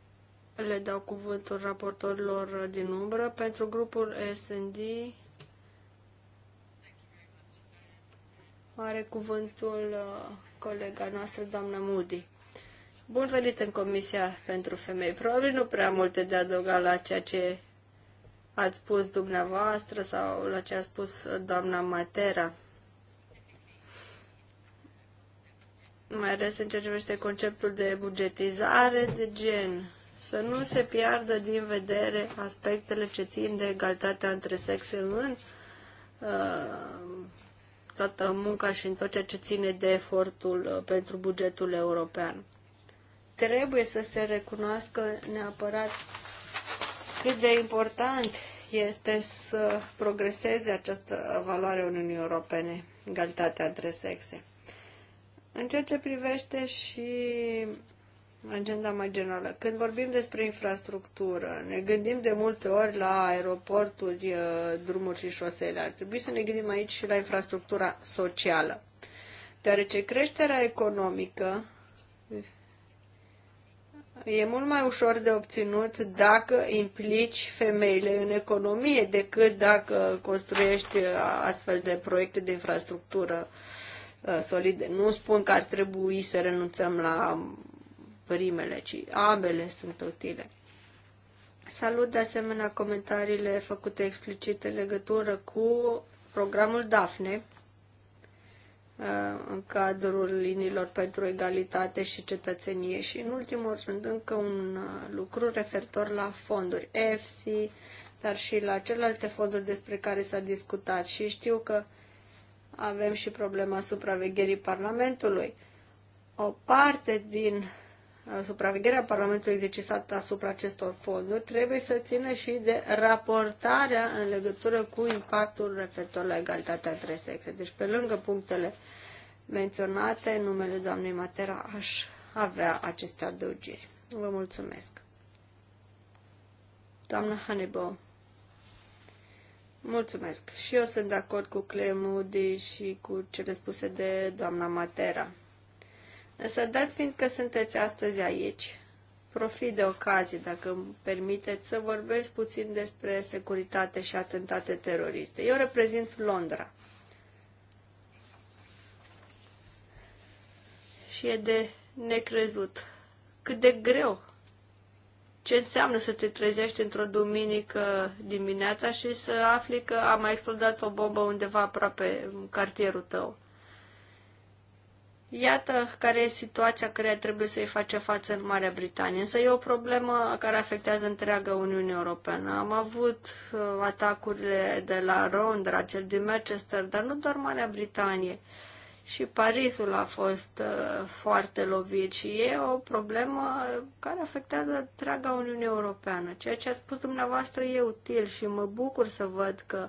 le dau cuvântul raportorilor din umbră pentru grupul S&D. Are cuvântul uh, colega noastră, doamna Moody. Bun venit în Comisia pentru Femei. Probabil nu prea multe de adăugat la ceea ce ați spus dumneavoastră sau la ce a spus uh, doamna Matera. Mai ales în ceea ce privește conceptul de bugetizare de gen să nu se piardă din vedere aspectele ce țin de egalitatea între sexe în uh, toată munca și în tot ceea ce ține de efortul uh, pentru bugetul european. Trebuie să se recunoască neapărat cât de important este să progreseze această valoare a Uniunii Europene, egalitatea între sexe. În ceea ce privește și agenda mai generală. Când vorbim despre infrastructură, ne gândim de multe ori la aeroporturi, uh, drumuri și șosele. Ar trebui să ne gândim aici și la infrastructura socială. Deoarece creșterea economică e mult mai ușor de obținut dacă implici femeile în economie decât dacă construiești uh, astfel de proiecte de infrastructură uh, solide. Nu spun că ar trebui să renunțăm la primele, ci ambele sunt utile. Salut de asemenea comentariile făcute explicite în legătură cu programul DAFNE uh, în cadrul liniilor pentru egalitate și cetățenie și în ultimul rând încă un uh, lucru referitor la fonduri EFSI, dar și la celelalte fonduri despre care s-a discutat și știu că avem și problema supravegherii Parlamentului. O parte din Uh, supravegherea Parlamentului exercitată asupra acestor fonduri trebuie să țină și de raportarea în legătură cu impactul referitor la egalitatea între sexe. Deci, pe lângă punctele menționate, numele doamnei Matera aș avea aceste adăugiri. Vă mulțumesc. Doamna Hanebo, Mulțumesc. Și eu sunt de acord cu Clemudi și cu cele spuse de doamna Matera. Însă dați fiind că sunteți astăzi aici, profit de ocazie, dacă îmi permiteți, să vorbesc puțin despre securitate și atentate teroriste. Eu reprezint Londra. Și e de necrezut cât de greu ce înseamnă să te trezești într-o duminică dimineața și să afli că a mai explodat o bombă undeva aproape în cartierul tău. Iată care e situația care trebuie să-i face față în Marea Britanie. Însă e o problemă care afectează întreaga Uniune Europeană. Am avut uh, atacurile de la Londra, cel din Manchester, dar nu doar Marea Britanie. Și Parisul a fost uh, foarte lovit și e o problemă care afectează întreaga Uniune Europeană. Ceea ce a spus dumneavoastră e util și mă bucur să văd că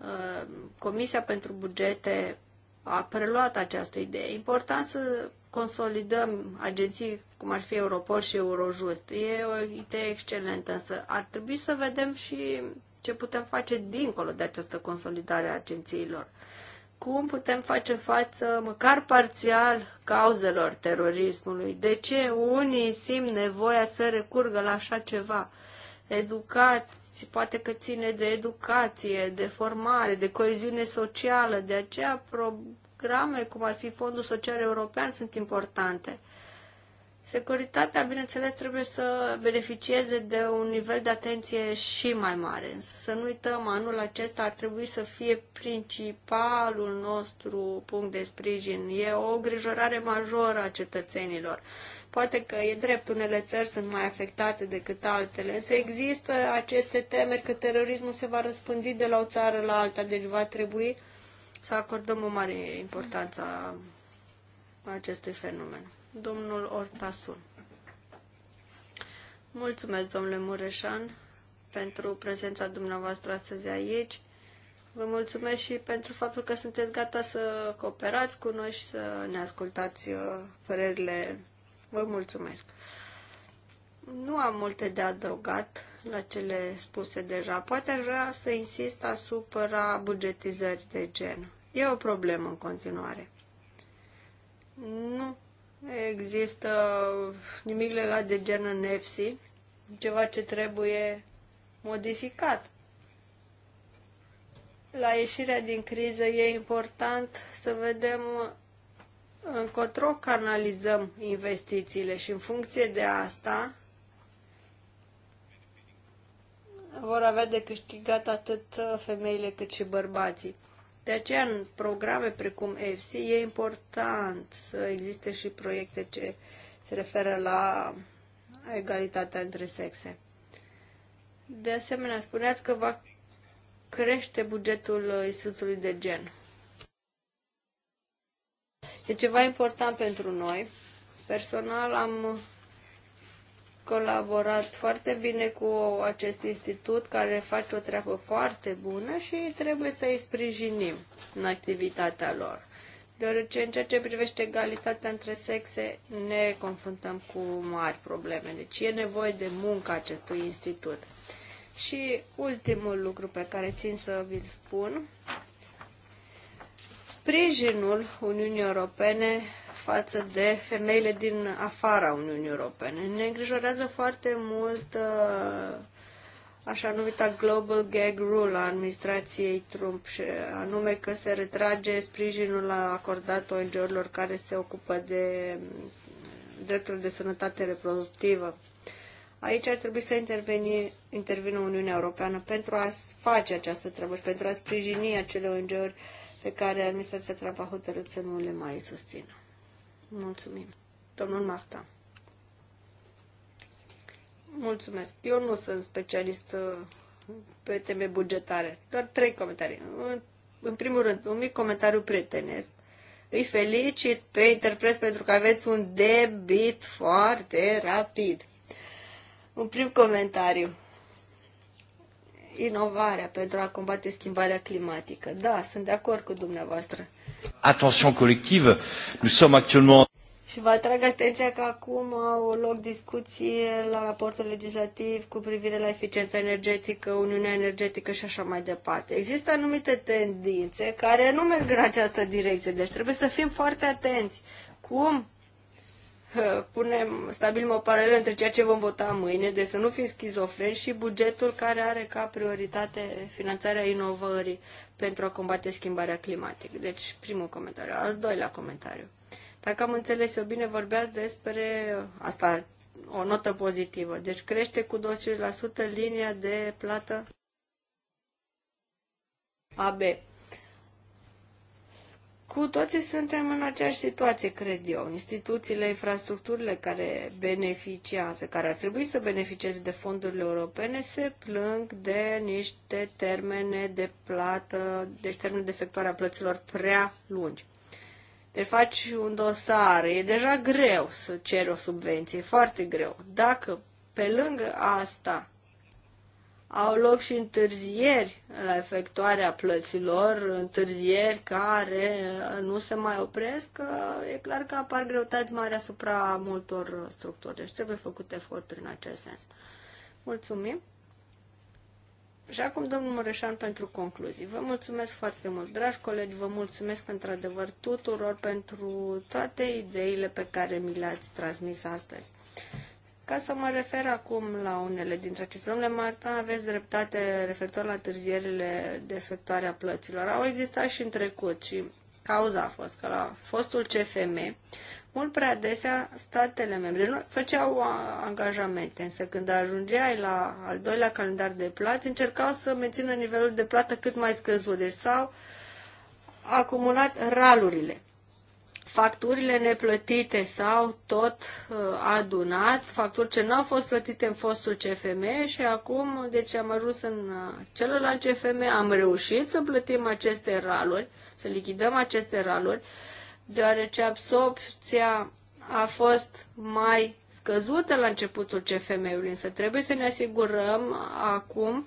uh, Comisia pentru Bugete a preluat această idee. E important să consolidăm agenții cum ar fi Europol și Eurojust. E o idee excelentă, însă ar trebui să vedem și ce putem face dincolo de această consolidare a agențiilor. Cum putem face față, măcar parțial, cauzelor terorismului? De ce unii simt nevoia să recurgă la așa ceva? Uh, educați, poate că ține de educație, de formare, de coeziune socială, de aceea programe cum ar fi Fondul Social European sunt importante. Securitatea, bineînțeles, trebuie să beneficieze de un nivel de atenție și mai mare. Să nu uităm, anul acesta ar trebui să fie principalul nostru punct de sprijin. E o îngrijorare majoră a cetățenilor. Poate că e drept, unele țări sunt mai afectate decât altele, însă există aceste temeri că terorismul se va răspândi de la o țară la alta, deci va trebui să acordăm o mare importanță acestui fenomen domnul Ortasun. Mulțumesc, domnule Mureșan, pentru prezența dumneavoastră astăzi aici. Vă mulțumesc și pentru faptul că sunteți gata să cooperați cu noi și să ne ascultați uh, părerile. Vă mulțumesc. Nu am multe de adăugat la cele spuse deja. Poate ar vrea să insist asupra bugetizării de gen. E o problemă în continuare. Nu există nimic legat de gen în EFSI, ceva ce trebuie modificat. La ieșirea din criză e important să vedem încotro canalizăm investițiile și în funcție de asta vor avea de câștigat atât femeile cât și bărbații. De aceea, în programe precum EFSI, e important să existe și proiecte ce se referă la egalitatea între sexe. De asemenea, spuneați că va crește bugetul Institutului de Gen. E ceva important pentru noi. Personal am colaborat foarte bine cu acest institut care face o treabă foarte bună și trebuie să îi sprijinim în activitatea lor. Deoarece în ceea ce privește egalitatea între sexe ne confruntăm cu mari probleme. Deci e nevoie de muncă acestui institut. Și ultimul lucru pe care țin să vi-l spun, sprijinul Uniunii Europene față de femeile din afara Uniunii Europene. Ne îngrijorează foarte mult uh, așa numita Global Gag Rule a administrației Trump, și anume că se retrage sprijinul acordat ONG-urilor care se ocupă de mm, drepturile de sănătate reproductivă. Aici ar trebui să interveni, intervină Uniunea Europeană pentru a face această treabă și pentru a sprijini acele ONG-uri pe care administrația Trump a hotărât să nu le mai susțină. Mulțumim. Domnul Marta. Mulțumesc. Eu nu sunt specialist uh, pe teme bugetare. Doar trei comentarii. În, primul rând, un mic comentariu prietenesc. Îi felicit pe interpret pentru că aveți un debit foarte rapid. Un prim comentariu inovarea pentru a combate schimbarea climatică. Da, sunt de acord cu dumneavoastră. Atenție colectivă. Nous sommes actuellement și vă atrag atenția că acum au loc discuții la raportul legislativ cu privire la eficiența energetică, Uniunea Energetică și așa mai departe. Există anumite tendințe care nu merg în această direcție, deci trebuie să fim foarte atenți. Cum punem, stabilim o paralelă între ceea ce vom vota mâine, de să nu fim schizofreni, și bugetul care are ca prioritate finanțarea inovării pentru a combate schimbarea climatică. Deci, primul comentariu. Al doilea comentariu. Dacă am înțeles eu bine, vorbeați despre asta, o notă pozitivă. Deci crește cu 25% linia de plată AB. Cu toții suntem în aceeași situație, cred eu. Instituțiile, infrastructurile care beneficiază, care ar trebui să beneficieze de fondurile europene, se plâng de niște termene de plată, deci termene de efectuare a plăților prea lungi. Deci faci un dosar, e deja greu să ceri o subvenție, e foarte greu. Dacă pe lângă asta au loc și întârzieri la efectuarea plăților, întârzieri care nu se mai opresc, e clar că apar greutăți mari asupra multor structuri. Deci trebuie făcut eforturi în acest sens. Mulțumim! Și acum, domnul Mureșan, pentru concluzii. Vă mulțumesc foarte mult, dragi colegi, vă mulțumesc într-adevăr tuturor pentru toate ideile pe care mi le-ați transmis astăzi. Ca să mă refer acum la unele dintre acestea. Domnule Marta, aveți dreptate referitor la târzierile de efectuare a plăților. Au existat și în trecut și cauza a fost că la fostul CFM, mult prea adesea statele membre nu făceau angajamente, însă când ajungeai la al doilea calendar de plată, încercau să mențină nivelul de plată cât mai scăzut, deci s-au acumulat ralurile facturile neplătite sau tot uh, adunat, facturi ce nu au fost plătite în fostul CFM și acum, deci am ajuns în uh, celălalt CFM, am reușit să plătim aceste raluri, să lichidăm aceste raluri, deoarece absorpția a fost mai scăzută la începutul CFM-ului, însă trebuie să ne asigurăm acum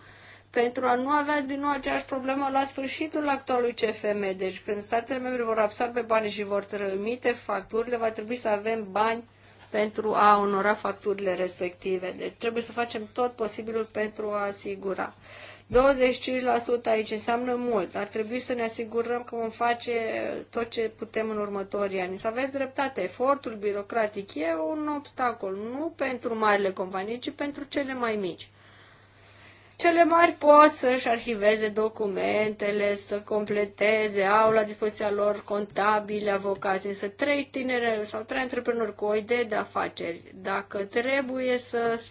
pentru a nu avea din nou aceeași problemă la sfârșitul actualului CFM. Deci când statele membre vor absorbe bani și vor trimite facturile, va trebui să avem bani pentru a onora facturile respective. Deci trebuie să facem tot posibilul pentru a asigura. 25% aici înseamnă mult. Ar trebui să ne asigurăm că vom face tot ce putem în următorii ani. Să aveți dreptate, efortul birocratic e un obstacol, nu pentru marile companii, ci pentru cele mai mici. Cele mari pot să își arhiveze documentele, să completeze, au la dispoziția lor contabili, avocați, însă trei tineri sau trei antreprenori cu o idee de afaceri, dacă trebuie să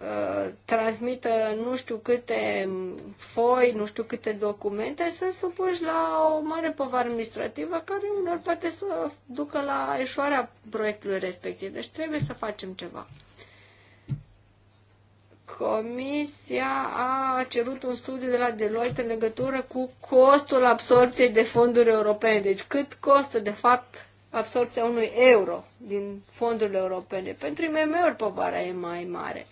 uh, transmită nu știu câte foi, nu știu câte documente, sunt supuși la o mare povară administrativă care uneori poate să ducă la eșoarea proiectului respectiv. Deci trebuie să facem ceva. Comisia a cerut un studiu de la Deloitte în legătură cu costul absorpției de fonduri europene. Deci cât costă, de fapt, absorpția unui euro din fondurile europene. Pentru IMM-uri povara e mai mare.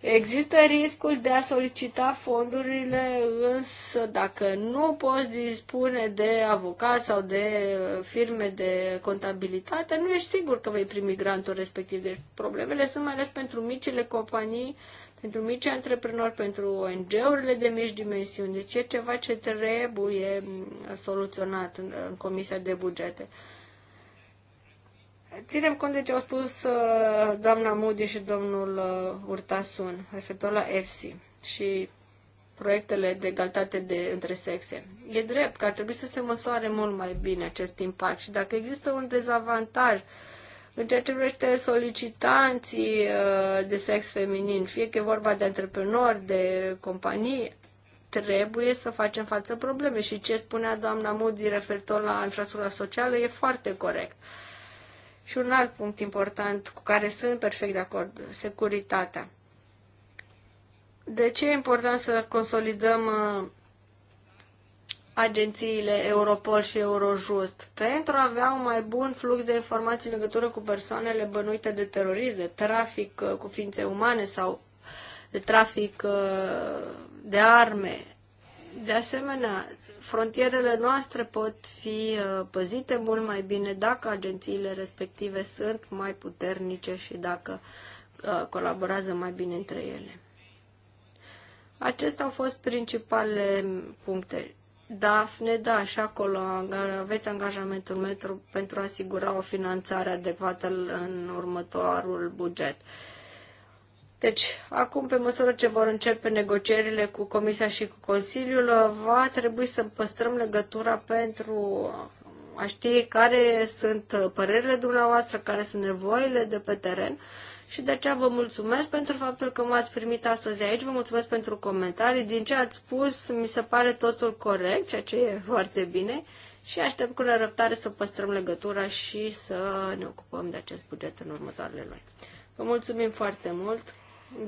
Există riscul de a solicita fondurile, însă dacă nu poți dispune de avocat sau de firme de contabilitate, nu ești sigur că vei primi grantul respectiv. Deci problemele sunt mai ales pentru micile companii pentru mici antreprenori, pentru ONG-urile de mici dimensiuni. Deci e ceva ce trebuie soluționat în, în Comisia de Bugete. Ținem cont de ce au spus uh, doamna Moody și domnul uh, Urtasun referitor la EFSI și proiectele de egalitate de, între sexe. E drept că ar trebui să se măsoare mult mai bine acest impact și dacă există un dezavantaj uh, în ceea ce privește solicitanții uh, de sex feminin, fie că e vorba de antreprenori, de companii, trebuie să facem față probleme. Și ce spunea doamna Moody referitor la infrastructura socială e foarte corect. Și un alt punct important cu care sunt perfect de acord, securitatea. De ce e important să consolidăm uh, agențiile Europol și Eurojust pentru a avea un mai bun flux de informații în legătură cu persoanele bănuite de terorism, de trafic uh, cu ființe umane sau de trafic uh, de arme. De asemenea, frontierele noastre pot fi uh, păzite mult mai bine dacă agențiile respective sunt mai puternice și dacă colaborează mai bine între ele. Acestea au fost principalele puncte. Dafne, da, și acolo aveți angajamentul metru pentru a asigura o finanțare adecvată în următorul buget. Deci, acum, pe măsură ce vor începe negocierile cu Comisia și cu Consiliul, va trebui să păstrăm legătura pentru a ști care sunt părerile dumneavoastră, care sunt nevoile de pe teren și de aceea vă mulțumesc pentru faptul că m-ați primit astăzi aici, vă mulțumesc pentru comentarii. Din ce ați spus, mi se pare totul corect, ceea ce e [laughs] foarte bine și aștept cu nerăbdare să păstrăm legătura și să ne ocupăm de acest buget în următoarele luni. Vă mulțumim foarte mult!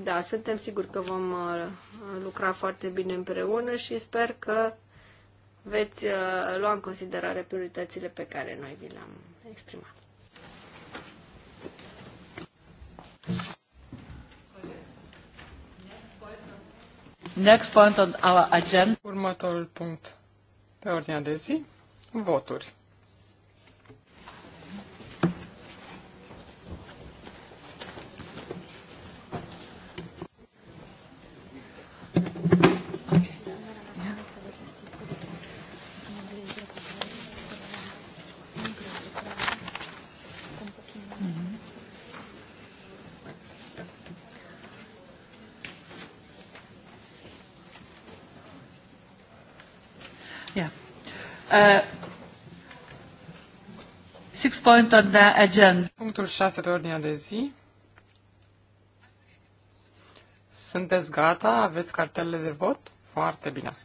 Da, suntem siguri că vom uh, lucra foarte bine împreună și sper că veți uh, lua în considerare prioritățile pe care noi vi le-am exprimat. Next point on our agenda. Următorul punct pe ordinea de zi, voturi. Uh, six Punctul 6 pe ordinea de zi. Sunteți gata? Aveți cartelele de vot? Foarte bine.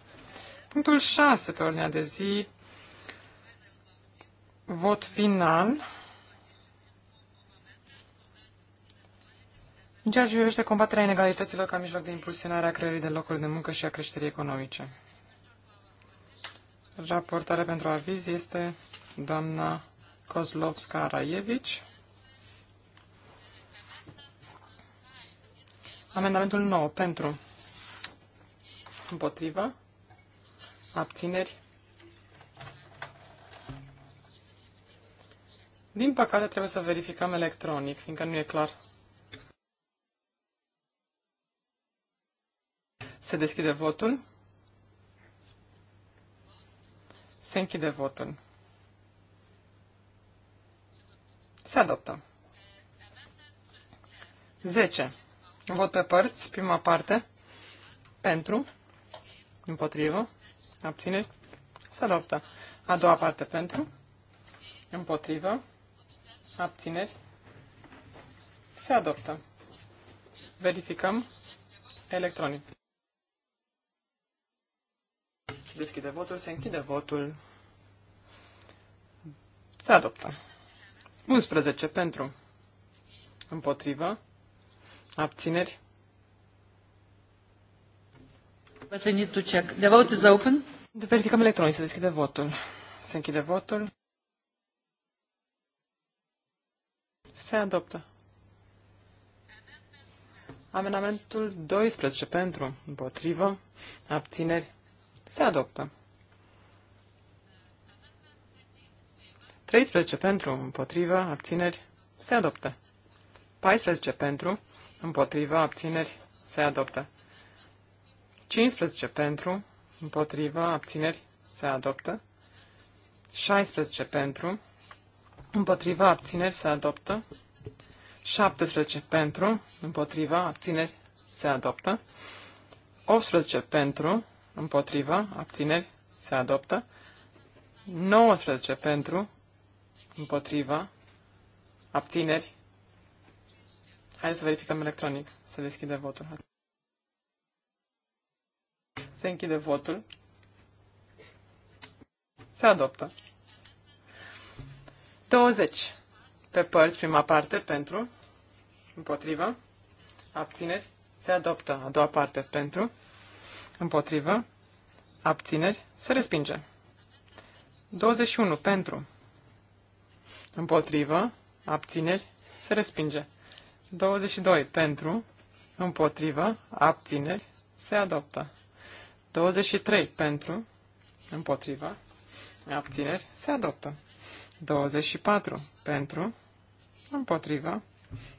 Punctul 6 pe ordinea de zi. Vot final. În ceea ce privește combaterea inegalităților ca mijloc de impulsionare a creării de locuri de muncă și a creșterii economice. Raportarea pentru aviz este doamna Kozlovska Raievici. Amendamentul 9 pentru împotriva abțineri. Din păcate trebuie să verificăm electronic, fiindcă nu e clar. Se deschide votul. Se închide votul. Se adoptă. 10. Vot pe părți, prima parte. Pentru. Împotrivă. Abține. Se adoptă. A doua parte pentru. Împotrivă. Abțineri. Se adoptă. Verificăm electronic. Se deschide votul, se închide votul. Se adoptă. 11 pentru. Împotrivă. Abțineri. But we check. The vote is open. Verificăm electronic, se deschide votul. Se închide votul. Se adoptă. Amenamentul 12 pentru, împotrivă, abțineri, se adoptă. 13 pentru, împotrivă, abțineri, se adoptă. 14 pentru, împotrivă, abțineri, se adoptă. 15 pentru, împotrivă, abțineri, se adoptă. 16 pentru, împotriva abțineri se adoptă. 17 pentru, împotriva abțineri se adoptă. 18 pentru, împotriva, abțineri, se adoptă. 19 pentru, împotriva, abțineri. Haideți să verificăm electronic. Să deschide votul. Se închide votul. Se adoptă. 20 pe părți, prima parte, pentru, împotriva, abțineri, se adoptă. A doua parte, pentru, Împotrivă. Abțineri. Se respinge. 21. Pentru. Împotrivă. Abțineri. Se respinge. 22. Pentru. Împotrivă. Abțineri. Se adoptă. 23. Pentru. Împotrivă. Abțineri. Se adoptă. 24. Pentru. Împotrivă.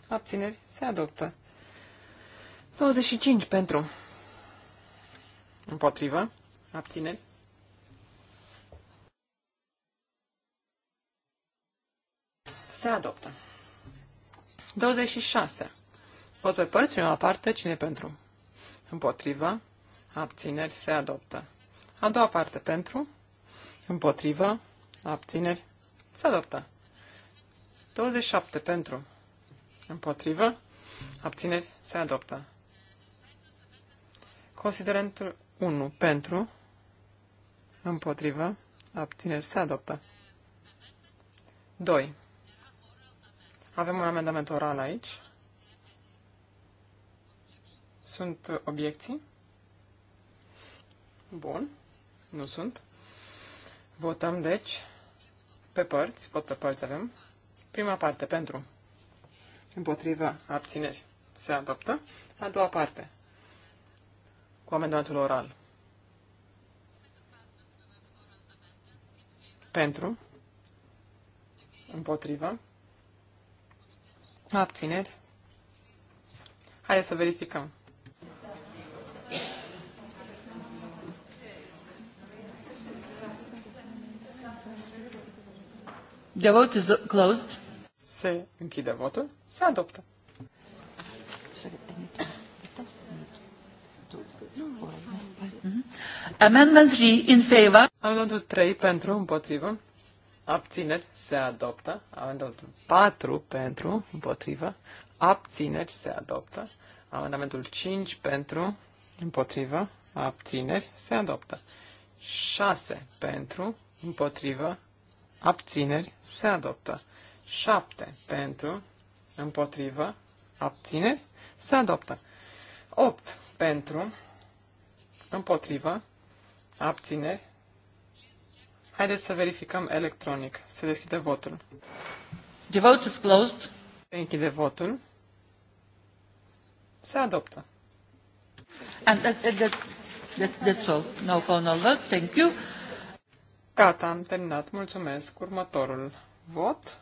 Abțineri. Se adoptă. 25. Pentru. Împotrivă. Abțineri. Se adoptă. 26. Vot pe părți, prima parte, cine pentru? Împotrivă. Abțineri. Se adoptă. A doua parte, pentru? Împotrivă. Abțineri. Se adoptă. 27 pentru. Împotrivă. Abțineri. Se adoptă. Considerentul 1 pentru, împotrivă, abțineri se adoptă. 2. Avem un amendament oral aici. Sunt obiecții? Bun. Nu sunt. Votăm, deci, pe părți. Vot pe părți avem. Prima parte, pentru. Împotrivă, abțineri. Se adoptă. A doua parte, cu amendamentul oral. Pentru. Împotrivă. Abțineri. Haideți să verificăm. The vote is closed. Se închide votul. Se adoptă. Amendment 3 in favor. Amendamentul 3 pentru, împotrivă. Abțineri se adoptă. Amendamentul 4 pentru, împotrivă. Abțineri se adoptă. Amendamentul 5 pentru, împotrivă. Abțineri se adoptă. 6 pentru, împotrivă. Abțineri se adoptă. 7 pentru, împotrivă. Abțineri se adoptă. 8 pentru, Împotrivă. Abțineri. Haideți să verificăm electronic. Se deschide votul. The vote is closed. Se închide votul. Se adoptă. And that, that, that, that's all. No final vote. Thank you. Gata, am terminat. Mulțumesc. Următorul vot.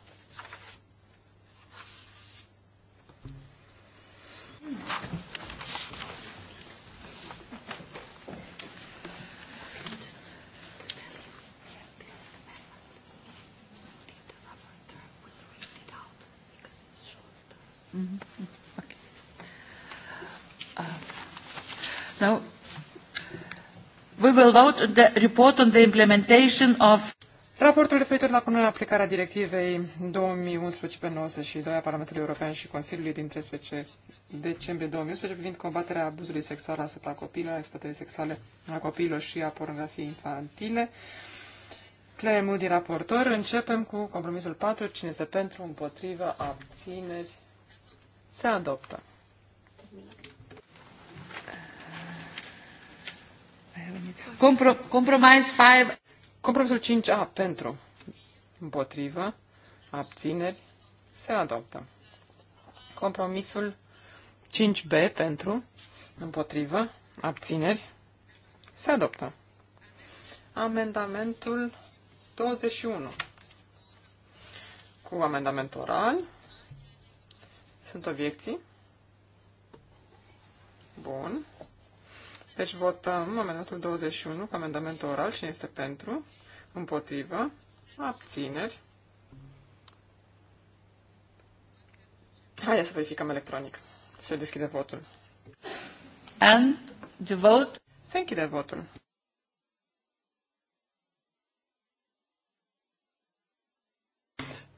Mm -hmm. okay. uh, now, we will vote the report on the implementation of Raportul referitor la punerea în aplicare a directivei 2011-92 a Parlamentului European și Consiliului din 13 decembrie 2011 privind combaterea abuzului sexual asupra copiilor, exploatării sexuale a copiilor și a pornografiei infantile. Claire Moody, raportor. Începem cu compromisul 4. Cine este pentru, împotrivă, abțineri, se adoptă. compromise 5. Compromisul 5A pentru. Împotrivă. Abțineri. Se adoptă. Compromisul 5B pentru. Împotrivă. Abțineri. Se adoptă. Amendamentul 21. Cu amendament oral. Sunt obiecții? Bun. Deci votăm amendamentul 21 cu amendament oral. Cine este pentru? Împotrivă? Abțineri? Haideți să verificăm electronic. Se deschide votul. And the vote? Se închide votul.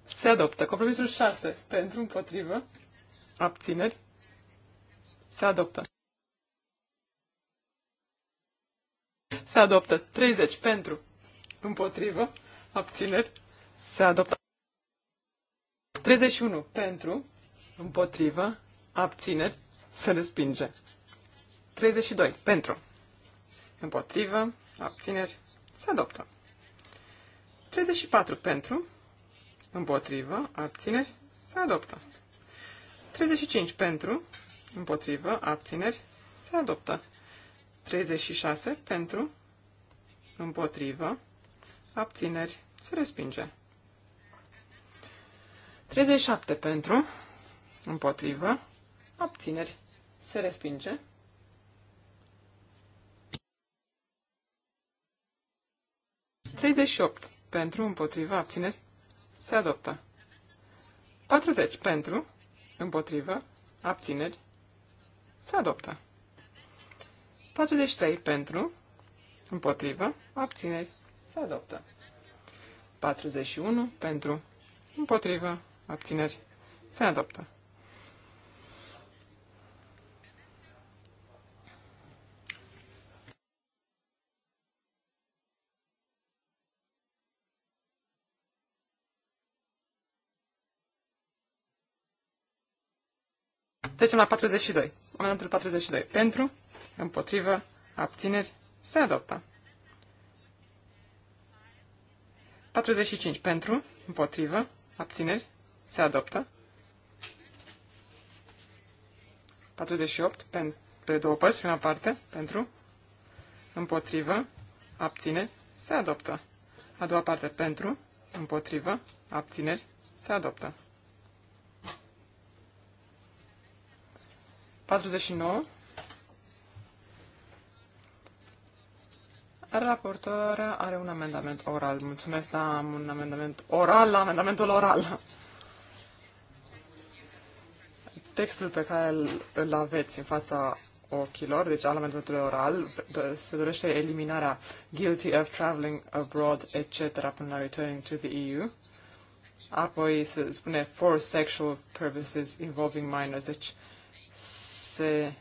Se adoptă. Compromisul 6 pentru împotrivă abțineri, se adoptă. Se adoptă 30 pentru, împotrivă, abțineri, se adoptă. 31 pentru, împotrivă, abțineri, se respinge. 32 pentru, împotrivă, abțineri, se adoptă. 34 pentru, împotrivă, abțineri, se adoptă. 35 pentru, împotrivă, abțineri, se adoptă. 36 pentru, împotrivă, abțineri, se respinge. 37 pentru, împotrivă, abțineri, se respinge. 38 pentru, împotriva, abțineri, se adoptă. 40 pentru, Împotrivă. Abțineri. Se adoptă. 43 pentru. Împotrivă. Abțineri. Se adoptă. 41 pentru. Împotrivă. Abțineri. Se adoptă. Trecem la 42. Amendamentul 42. Pentru, împotrivă, abțineri, se adoptă. 45. Pentru, împotrivă, abțineri, se adoptă. 48. pe două părți, prima parte, pentru, împotrivă, abțineri, se adoptă. A doua parte, pentru, împotrivă, abțineri, se adoptă. 49. Raportoarea are un amendament oral. Mulțumesc, dar am un amendament oral la amendamentul oral. Textul pe care îl aveți în fața ochilor, deci al amendamentului oral, se dorește eliminarea guilty of traveling abroad, etc., până la returning to the EU. Apoi se spune for sexual purposes involving minors, deci se,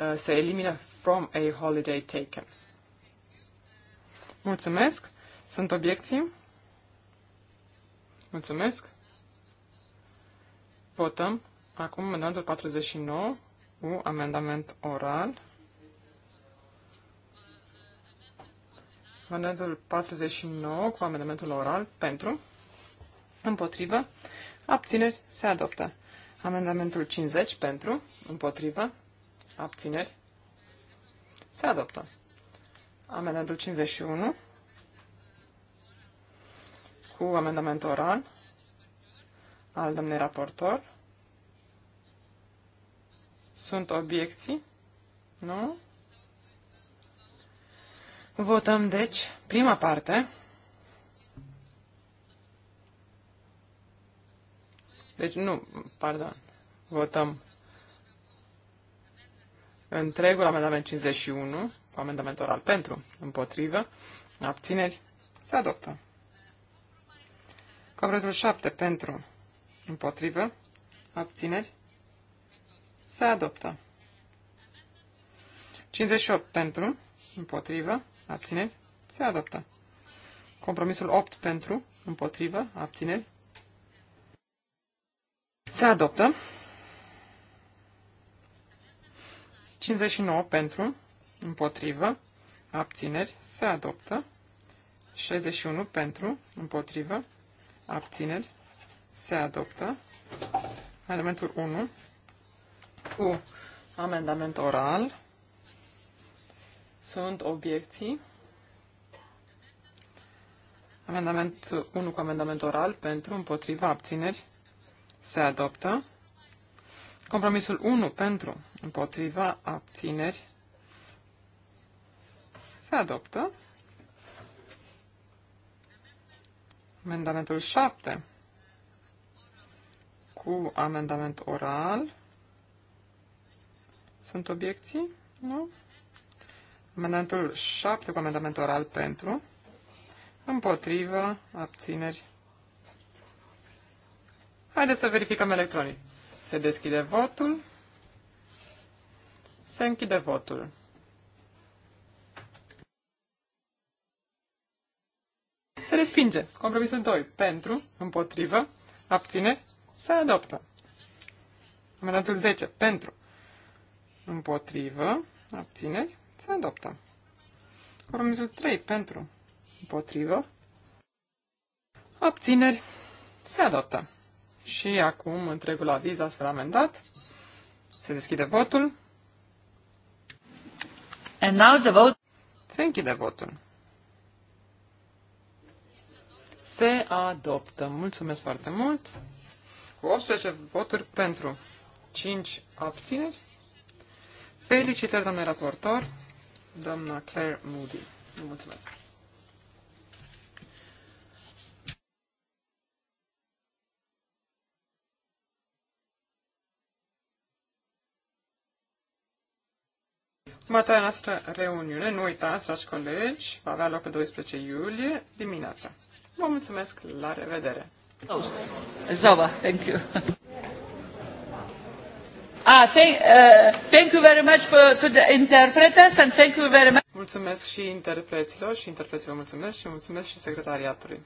uh, se elimină from a holiday taken. Mulțumesc. Sunt obiecții? Mulțumesc. Votăm acum amendamentul 49 cu amendament oral. Amendamentul 49 cu amendamentul oral pentru, împotrivă, abțineri, se adoptă. Amendamentul 50 pentru, Împotrivă. Abțineri. Se adoptă. Amendamentul 51 cu amendament oral al domnului raportor. Sunt obiecții? Nu? Votăm, deci, prima parte. Deci, nu, pardon. Votăm întregul amendament 51, cu amendament oral pentru, împotrivă, abțineri, se adoptă. Compromisul 7 pentru, împotrivă, abțineri, se adoptă. 58 pentru, împotrivă, abțineri, se adoptă. Compromisul 8 pentru, împotrivă, abțineri, se adoptă. 59 pentru, împotrivă, abțineri, se adoptă. 61 pentru, împotrivă, abțineri, se adoptă. Elementul 1 cu amendament oral. Sunt obiecții. Amendament 1 cu amendament oral pentru, împotriva, abțineri, se adoptă. Compromisul 1 pentru împotriva abțineri se adoptă. Amendamentul 7 cu amendament oral. Sunt obiecții? Nu? Amendamentul 7 cu amendament oral pentru. împotriva abțineri. Haideți să verificăm electronic. Se deschide votul. Se închide votul. Se respinge. Compromisul 2. Pentru, împotrivă, abține, se adoptă. Amendamentul 10. Pentru, împotrivă, abține, se adoptă. Compromisul 3. Pentru, împotrivă, abțineri, se adoptă. Și acum întregul aviz astfel amendat. Se deschide votul. And now the vote. Se închide votul. Se adoptă. Mulțumesc foarte mult. Cu 18 voturi pentru 5 abțineri. Felicitări, domnule raportor, doamna Claire Moody. Mulțumesc. Următoarea noastră reuniune, nu uitați, dragi colegi, va avea loc pe 12 iulie dimineața. Vă mulțumesc, la revedere! Zova, thank you. Ah, thank, uh, thank you very much for, to the interpreters and thank you very much. Mulțumesc și interpreților și interpreții vă mulțumesc și mulțumesc și secretariatului.